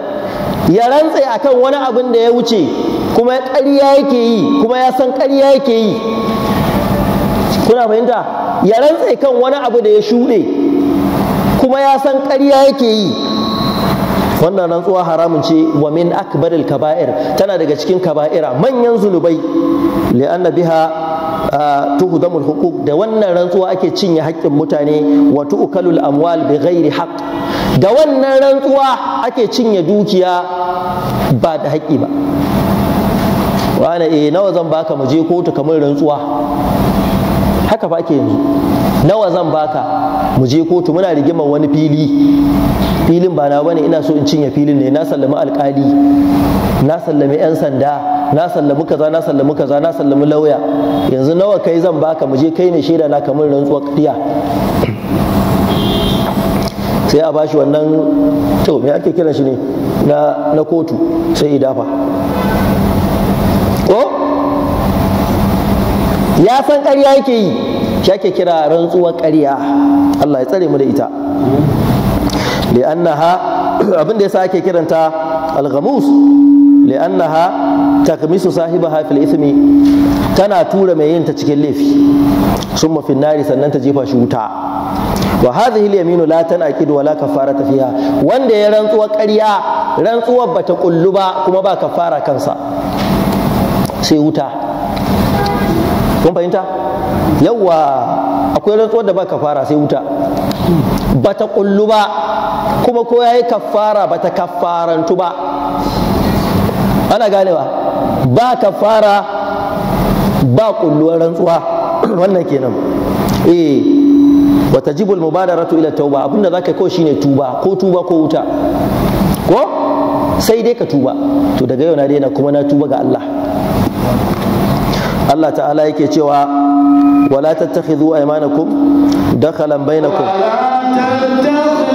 S1: ya rantsa akan wani abin da ya wuce kuma ƙarya yake yi kuma ya san ƙarya yake yi kuna fahimta ya rantse kan wani abu da ya shuɗe kuma ya san ƙarya yake yi wannan rantsuwa haramun ce wa min akbaril kaba'ir tana daga cikin kaba'ira manyan zunubai li'anna biha tuhdamul huquq da wannan rantsuwa ake cinye haƙƙin mutane wa tu'kalul amwal bi ghairi haqq da wannan rantsuwa ake cinye dukiya ba da haƙƙi ba wani eh nawa zan baka mu je kotu kamar rantsuwa haka fa ake yanzu nawa zan baka mu je kotu muna rigimar wani fili filin ba na bane ina so in cinye filin ne na sallami alƙali na sallami 'yan sanda na sallami kaza na sallami kaza na sallami lauya yanzu nawa kai zan baka mu je kai ne shaida na kamar rantsuwar ƙarya sai a bashi wannan to me ake kiran shi ne na kotu sai idafa ko ya san ƙarya yake yi shi ake kira rantsuwar ƙarya Allah ya tsare mu da ita li'annaha abin da yasa ake kiranta al-ghamus li'annaha takmisu sahiba hafil ismi tana tura mai yin ta cikin laifi sun mafi nari sannan ta jefa shi wuta wa hadhihi al-yaminu la tanaqid wa la kafarata fiha wanda ya rantsuwa ƙarya rantsuwar bata kullu ba kuma ba kafara kansa sai wuta kun fahimta yawa akwai rantsuwar da ba kafara sai wuta bata kullu ba kuma ko yayi kafara bata kafarantu ba ana ganewa ba ka fara ba kulluwar rantsuwa wannan kenan eh wata jibul mubadaratu ila tauba abinda za ka kawai shine tuba ko tuba ko wuta ko sai dai ka tuba to daga yau na daina kuma na tuba ga Allah Allah ta'ala yake cewa wala tattakhidhu aymanakum dakhalan bainakum wala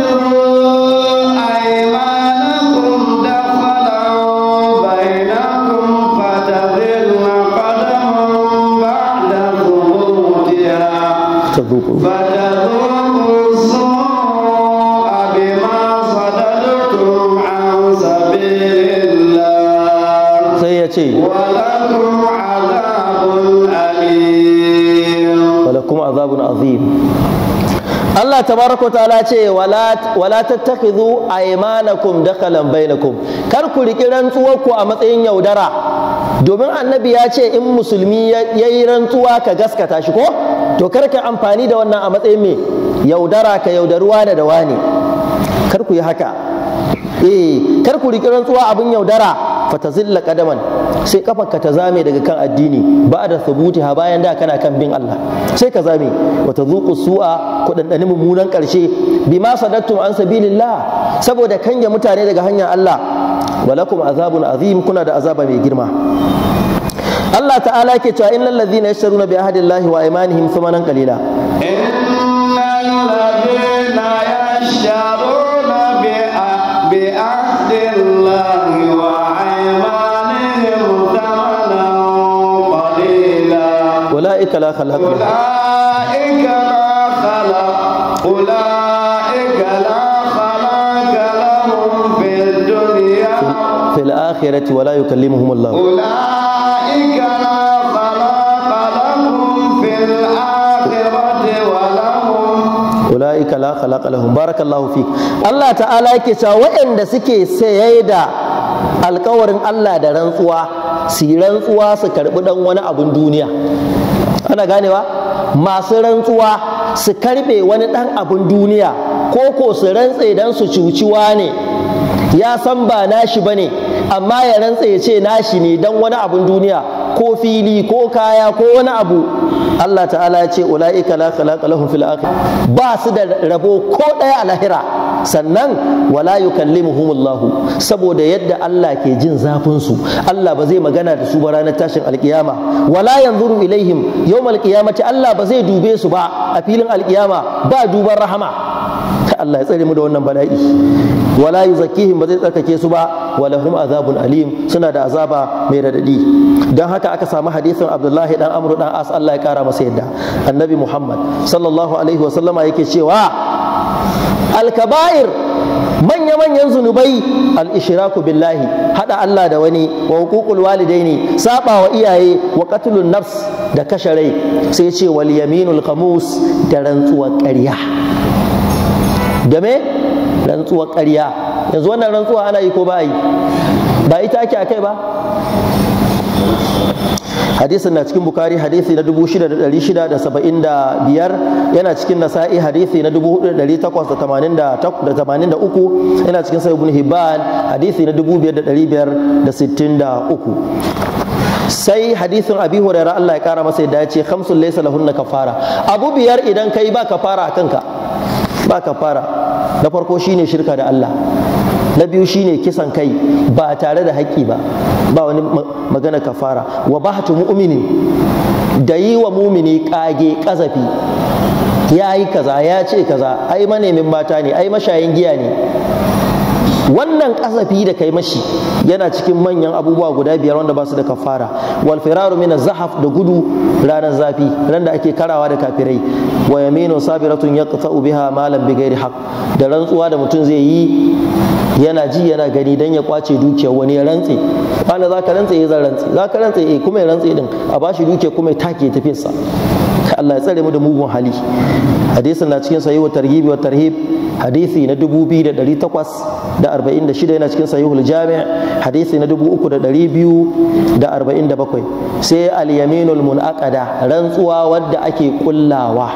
S1: فذوقوا فذوقوا السوء بما صددتم عن سبيل الله Allah tabaraka ta'ala ce wala tattakhidhu aymanakum dakalan bainakum kar ku riki rantsuwar ku a matsayin yaudara domin annabi ya ce in musulmi yayi rantsuwa ka gaskata shi ko to kar ka amfani da wannan a matsayin me yaudara ka yaudaruwa da dawa kar ku yi haka eh kar ku riƙi rantsuwa abin yaudara fatazilla kadaman sai ka ta zame daga kan addini ba da ha bayan da kana kan bin Allah sai ka zame wata zuƙu su'a ku ɗanɗani mummunan ƙarshe bi ma sadattum an sabilillah saboda kanya mutane daga hanyar Allah walakum azabun azim kuna da azaba mai girma Allah ta'ala yake cewa innal ladhina yashtaruna bi ahdillahi wa aymanihim thamanan qalila innal ladhina yashtaruna bi bi ahdillahi wa aymanihim thamanan qalila ulaika la khalaqa ulaika la khalaqa ulaika la khalaqa lahum fid dunya fil akhirati wa la yukallimuhum Allah ulaika zalika la khalaqa lahum barakallahu fik Allah ta'ala yake cewa waɗanda suke sayar da alkawarin Allah da rantsuwa su rantsuwa su karbi dan wani abun duniya ana ganewa masu rantsuwa su karbe wani dan abun duniya ko ko su rantse dan su cuciwa ne ya san ba nashi bane amma ya rantse ya ce nashi ne dan wani abun duniya ko fili ko kaya ko wani abu Allah ta'ala ya ce ula'ika la khalaqa lahum fil akhir ba su da rabo ko daya a lahira sannan wala yukallimuhumullah saboda yadda Allah ke jin zafin su Allah ba zai magana da su ba ranar tashin alkiyama wala yanzuru ilaihim yawmal qiyamati Allah ba zai dube su ba a filin alkiyama ba duban rahama Allah ya tsare mu da wannan bala'i wala yuzakkihim ba zai tsarkake su ba walahum azabun alim suna da azaba mai radadi don haka aka samu hadisin Abdullahi dan amru dan As Allah ya kara masa yadda Annabi Muhammad sallallahu alaihi wa sallama yake cewa Alkaba'ir manya-manyan zunubai al-ishraku billahi hada Allah da wani wa huququl walidaini saba wa iyaye wa qatlun nafs da kashe rai sai ce wal yaminul khamus da rantsuwar ƙarya da me rantsuwar ƙarya yanzu wannan rantsuwa ana yi ko ba yi ba ita ake akai ba hadisin na cikin bukari hadisi na biyar yana cikin nasa'i hadisi na uku yana cikin sahih ibn hibban hadisi na uku. sai hadisin abi hurairah Allah ya kara masa yadda ya ce khamsun laysa lahunna kafara abu biyar idan kai ba kafara a kanka ba kafara na farko shine shirka da Allah na biyu shine kisan kai ba tare da haƙƙi ba ba wani magana kafara wa bahtu mu'minin da yi wa mumini ƙage kazafi, ya yi kaza ya ce kaza ai manemin mata ne ai mashayin giya ne wannan kasafi da kai mashi yana cikin manyan abubuwa guda biyar wanda ba su da kafara wal firaru min zahaf da gudu ranar zafi ran da ake karawa da kafirai wa yaminu sabiratun yaqta'u biha malan bi ghairi haqq da rantsuwa da mutum zai yi yana ji yana gani dan ya kwace dukiyar wani ya rantse wanda zaka rantse ya eh, zan rantse zaka rantse eh kuma ya rantse din a bashi dukiya kuma ya take tafiyarsa Allah ya tsare mu da mugun hali hadisin na cikin sahihu targhib wa tarhib hadisi na 2846 yana cikin sahihul jami' hadisi na 3247 sai al-yaminul munaqada rantsuwa wadda ake kullawa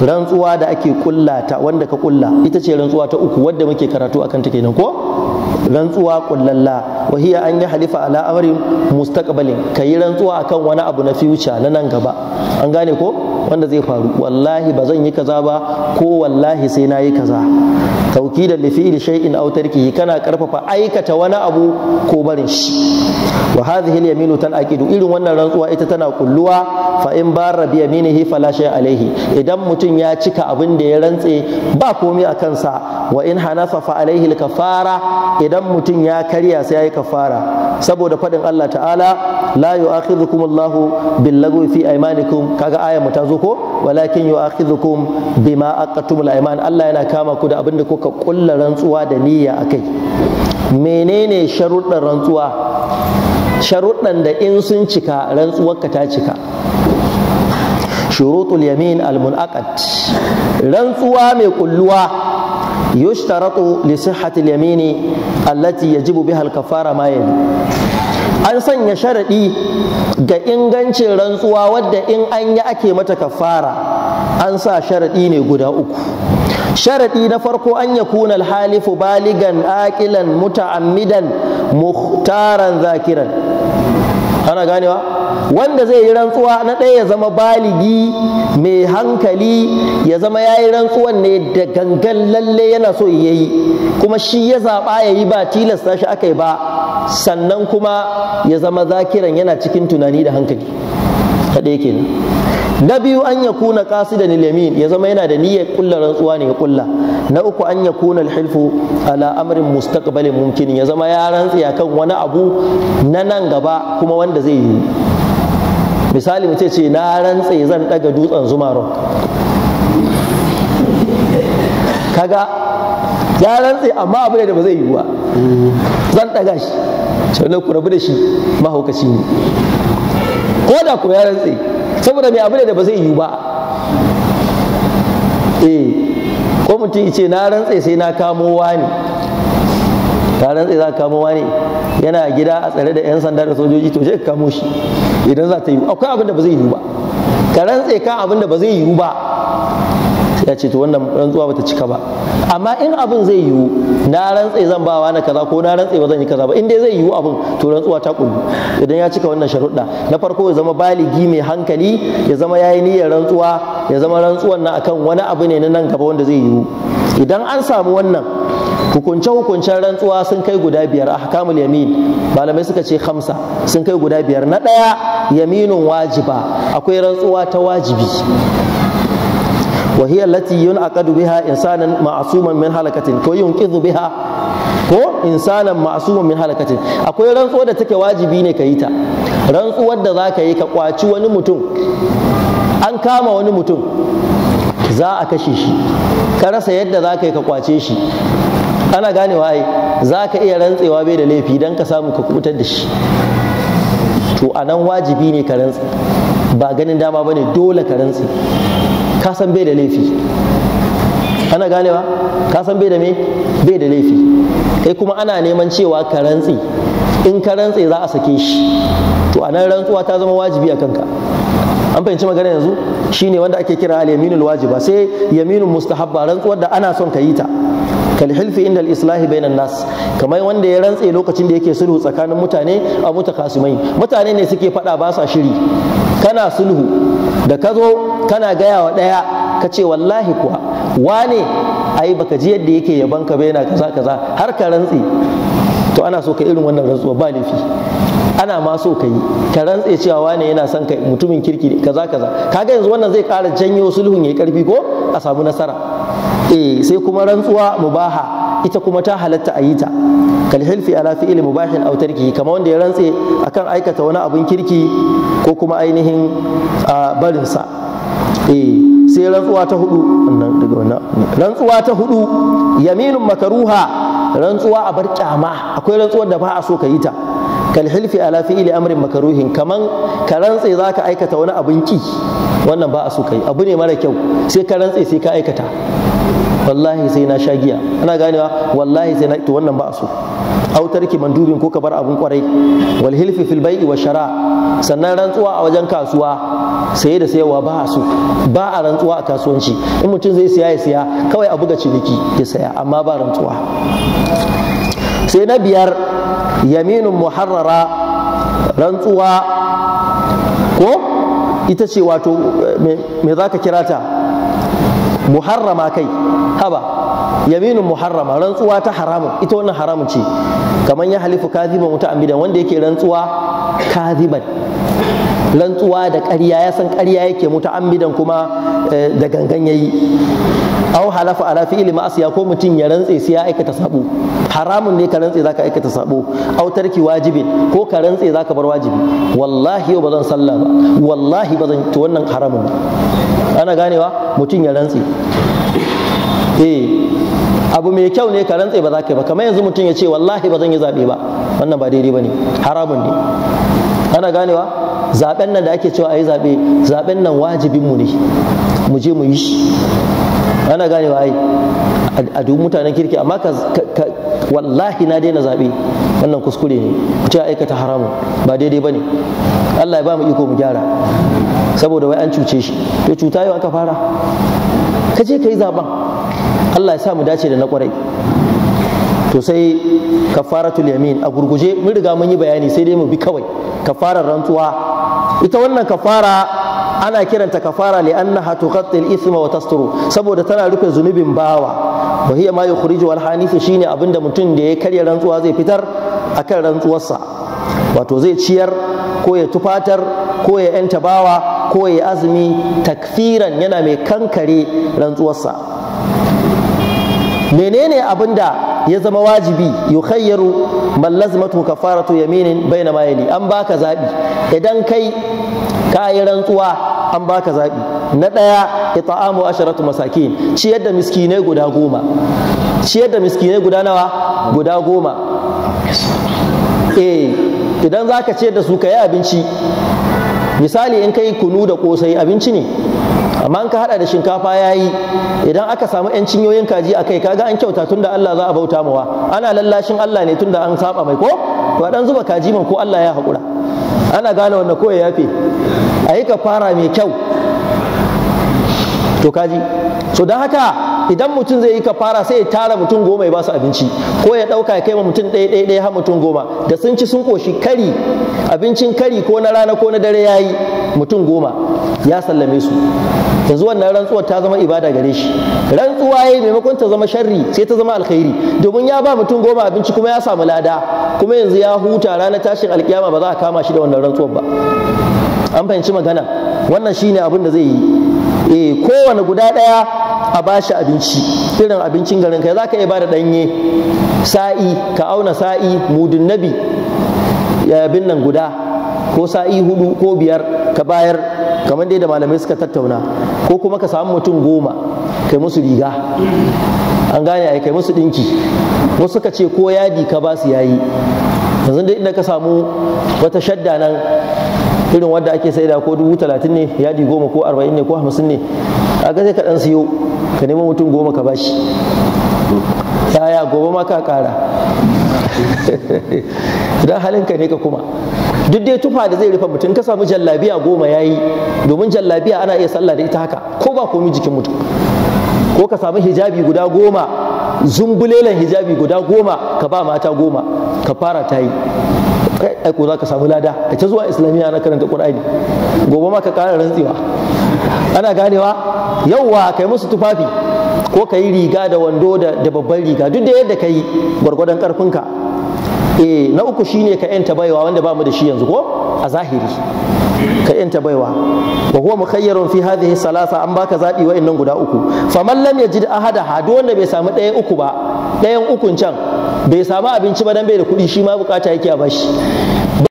S1: rantsuwa da ake kullata wanda ka kulla ita ce rantsuwa ta uku wadda muke karatu akan ta kenan ko rantsuwa kullalla wa hiya an yi halifa ala amrin mustaqbalin kayi rantsuwa akan wani abu na future na nan gaba an gane ko wanda zai faru wallahi ba zan yi kaza ba ko wallahi sai na yi kaza da li fi'li shay'in aw tarkihi kana karfafa aikata wani abu ko barin shi wa hadhihi al-yaminu tanqidu irin wannan rantsuwa ita tana kulluwa fa in barra bi yaminihi fala shay Alayhi idan mutum ya cika abin da ya rantse ba komai a kansa wa in hanafa fa Alayhi al-kafara idan mutum ya karya sai yayi kafara saboda fadin Allah ta'ala la yu'akhidhukum Allahu bil lagwi fi aymanikum kaga ayatu ta zo ko walakin yu'akhidhukum bima aqatumul ayman Allah yana kama ku da abin da kuka kulla rantsuwa da niyya akai menene sharuɗan rantsuwa sharuɗan da in sun cika rantsuwarka ta cika shurutul yamin al-munaqat rantsuwa mai kulluwa yushtaratu li sihhatil yamini allati yajibu biha al-kafara ma yali an sanya sharaɗi ga ingancin rantsuwa wadda in an yi ake mata kafara an sa sharaɗi ne guda uku sharaɗi na farko an ya kuna alhalifu baligan aƙilan muta'ammidan muhtaran zakiran ana ganewa wanda zai yi rantsuwa na ɗaya ya zama baligi mai hankali ya zama ya yi rantsuwan ne da gangan lalle yana so ya yi kuma shi ya zaɓa ya yi ba tilasta shi aka yi ba sannan kuma ya zama zakiran yana cikin tunani da hankali ta ɗaya kenan na biyu an ya kuna da nilamin ya zama yana da niyyar kulla rantsuwa ne ya kulla na uku an ya kuna alhilfu ala amrin mustaqbalin mumkin ya zama ya rantsi kan wani abu na nan gaba kuma wanda zai yi misali mu ce na rantse zan daga dutsen zuma rock kaga ya rantse amma abu ne da ba zai yi ba zan daga shi sai ku rabu da shi mahaukaci ne ko da ko ya rantse saboda mai abu da ba zai yi ba eh ko mutum ce na rantse sai na kamo wani ka rantse za ka kamo wani yana gida a tsare da 'yan sanda da sojoji to je ka kamo shi idan za ta yi akwai abin da ba zai yi ba ka rantse ka abin da ba zai yi ba ya ce to wannan rantsuwa bata cika ba amma in abin zai yiwu na rantse zan bawa na kaza ko na rantse ba zan yi kaza ba in dai zai yiwu abin to rantsuwa ta kullu idan ya cika wannan sharuɗa na farko ya zama baligi mai hankali ya zama yayi niyyar rantsuwa ya zama rantsuwan nan akan wani abu ne na nan gaba wanda zai yiwu idan an samu wannan hukunce-hukuncen rantsuwa sun kai guda biyar a hakamul yamin malamai suka ce hamsa sun kai guda biyar na ɗaya yaminun wajiba akwai rantsuwa ta wajibi wa hiya allati yunqadu biha insanan ma'suman min halakatin ko yunqidhu biha ko insanan ma'suman min halakatin akwai rantsuwar da take wajibi ne ka yi ta rantsuwar da zaka yi ka kwaci wani mutum an kama wani mutum za a kashe shi ka rasa yadda za ka yi ka kwace shi ana ganewa ai zaka iya rantsewa bai da laifi don ka samu ka kubutar da shi to a nan wajibi ne ka rantse ba ganin dama bane dole ka rantse ka san bai da laifi ana ganewa ka san bai da me bai da laifi kai kuma ana neman cewa ka rantse in ka rantse za a sake shi to a nan rantsuwa ta zama wajibi a kanka an fahimci magana yanzu shine wanda ake kira al-yaminul wajiba sai yaminul mustahabba rantsuwar da ana son ka yi ta kal hilfi inda islahi bainan nas kamar wanda ya rantse lokacin da yake sulhu tsakanin mutane a mutakasimai mutane ne suke fada ba sa shiri kana sulhu da ka zo kana gaya wa ɗaya ka ce wallahi kuwa wane ai baka ji yadda yake yaban ka yana kaza kaza har ka rantse to ana so ka irin wannan rantsuwa ba laifi ana ma so ka yi ka rantse cewa wane yana son ka mutumin kirki kaza kaza kaga yanzu wannan zai ƙara janyo sulhun yayi karfi ko a samu nasara eh sai kuma rantsuwa mubaha ita kuma ta halatta a yi ta kalhilfi hilfi ala fi'il mubahin autarki kamar wanda ya rantse akan aikata wani abun kirki ko kuma ainihin barinsa eh, sai rantsuwa ta hudu rantsuwa ta hudu yaminun makaruha rantsuwa a bar kyama akwai rantsuwar da ba a so ka yi ta kal hilfi ala fi'ili amrin makaruhin kaman ka rantse zaka aikata wani abin wannan ba a so kai abu ne mara kyau sai ka rantse sai ka aikata wallahi sai na sha giya ana ganewa wallahi sai na to wannan ba a so au mandubin ko ka bar abun kwarai wal hilfi fil bai'i wa shara sannan rantsuwa a wajen kasuwa saye da sayarwa ba a so ba a rantsuwa a kasuwanci in mutum zai siya ya siya kawai a buga ciniki ya saya amma ba rantsuwa sai na biyar yaminun muharrara rantsuwa ko ita ce wato eh, me za ka kira ta muharrama kai haba yaminu muharrama rantsuwa ta haramun ita wannan haramun ce kamar ya halifu kaziban wuta ambidan wanda yake rantsuwa kaziban rantsuwa da ƙarya ya san ƙarya yake Amidan kuma eh, da gangan yayi aw halafa ala fi'li ma'asiya ko mutum ya rantse sai ya aikata sabo haramun ne ka rantse zaka aikata sabo aw tarki wajibin ko ka rantse zaka bar wajibi wallahi yau zan sallah ba wallahi ba zan to wannan haramun ana ganewa mutum ya rantse eh abu mai kyau ne ka rantse ba za ka yi ba kamar yanzu mutum ya ce wallahi ba zan yi zaɓe ba wannan ba daidai ba ne haramun ne ana ganewa zaben nan da ake cewa ayi yi zaɓe zaben nan wajibinmu ne mu je mu yi shi ana ganewa ai a duk mutanen kirki amma ka wallahi na daina zaɓe wannan kuskure ne ku ce aikata haramun ba daidai ba ne allah ya ba mu iko mu gyara saboda wai an cuce shi to cuta yau aka fara ka je ka yi allah ya sa mu dace da na kwarai to sai kafaratul yamin a gurguje mun riga mun yi bayani sai dai mu bi kawai kafarar rantsuwa ita wannan kafara ana kiranta kafara li annaha tughatti al-ithma wa tasturu saboda tana rufe zunubin bawa wa hiya ma yukhriju al shine abinda mutum da ya karya rantsuwa zai fitar akan rantsuwarsa wato zai ciyar ko ya tufatar ko ya yanta bawa ko ya azumi takfiran yana mai kankare rantsuwarsa menene abinda ya zama wajibi yukhayyaru man lazmatu kafaratu yaminin baina ma yali an baka zabi idan kai ka yi rantsuwa an baka zabi na daya ita'amu asharatu masakin ciyar da miskinai guda goma ciyar da miskinai guda nawa guda goma eh idan zaka ciyar da su ka yi abinci misali in kai kunu da kosai abinci ne amma in ka hada da shinkafa yayi idan aka samu yan cinyoyin kaji a kai kaga an kyauta tunda Allah za a bauta mawa ana lallashin Allah ne tunda an saba mai ko to dan zuba kaji man ko Allah ya hakura ana gane wannan ko ya yafe ayi ka fara mai kyau to kaji so don haka idan mutum zai yi kafara sai ya tara mutum goma ya ba su abinci ko ya ɗauka ya kai ma mutum ɗaya ɗaya ɗaya har mutum goma da sun ci sun koshi kari abincin kari ko na rana ko na dare ya yi mutum goma ya sallame su yanzu wannan rantsuwar ta zama ibada gare shi rantsuwa yi maimakon ta zama sharri sai ta zama alkhairi domin ya ba mutum goma abinci kuma ya samu lada kuma yanzu ya huta ranar tashin alkiyama ba za a kama shi da wannan rantsuwar ba an fahimci magana wannan shine abin da zai yi eh kowane guda ɗaya a bashi abinci irin abincin garin kai za ka iya ba da ɗanye sa'i ka auna sa'i mudun nabi bin nan guda ko sa'i hudu ko biyar ka bayar kamar dai da malamai suka tattauna ko kuma ka samu mutum goma kai musu riga an gane ai kai musu ɗinki wasu ka ce ko yadi ka ba su yayi yanzu dai inda ka samu wata shadda nan irin wadda ake saida ko dubu talatin ne yadi goma ko arba'in ne ko hamsin ne a sai ka dan siyo ka nemo mutum goma ka bashi yaya gobe ma ka kara don halinka ne ka kuma duk dai tufa da zai rufe mutum ka samu jallabiya goma ya yi domin jallabiya ana iya sallah da ita haka ko ba komi jikin mutum ko ka samu hijabi guda goma zumbulelen hijabi guda goma ka ba mata goma ka fara ta yi aiko za ka samu lada da ta zuwa islamiyya na karanta qur'ani gobe ma ka ƙara rantsewa ana ganewa yauwa kai musu tufafi ko ka yi riga da wando da babban riga duk da yadda ka yi gwargwadon ƙarfinka eh na uku shine ka yanta baiwa wanda ba mu da shi yanzu ko a zahiri ka yanta baiwa wa huwa mukhayyarun fi hadhihi salasa an baka zabi wa'annan guda uku ya ji da ahada hadu wanda bai samu ɗayan uku ba ɗayan ukun can bai samu abinci ba dan bai da kuɗi shi ma bukata yake a bashi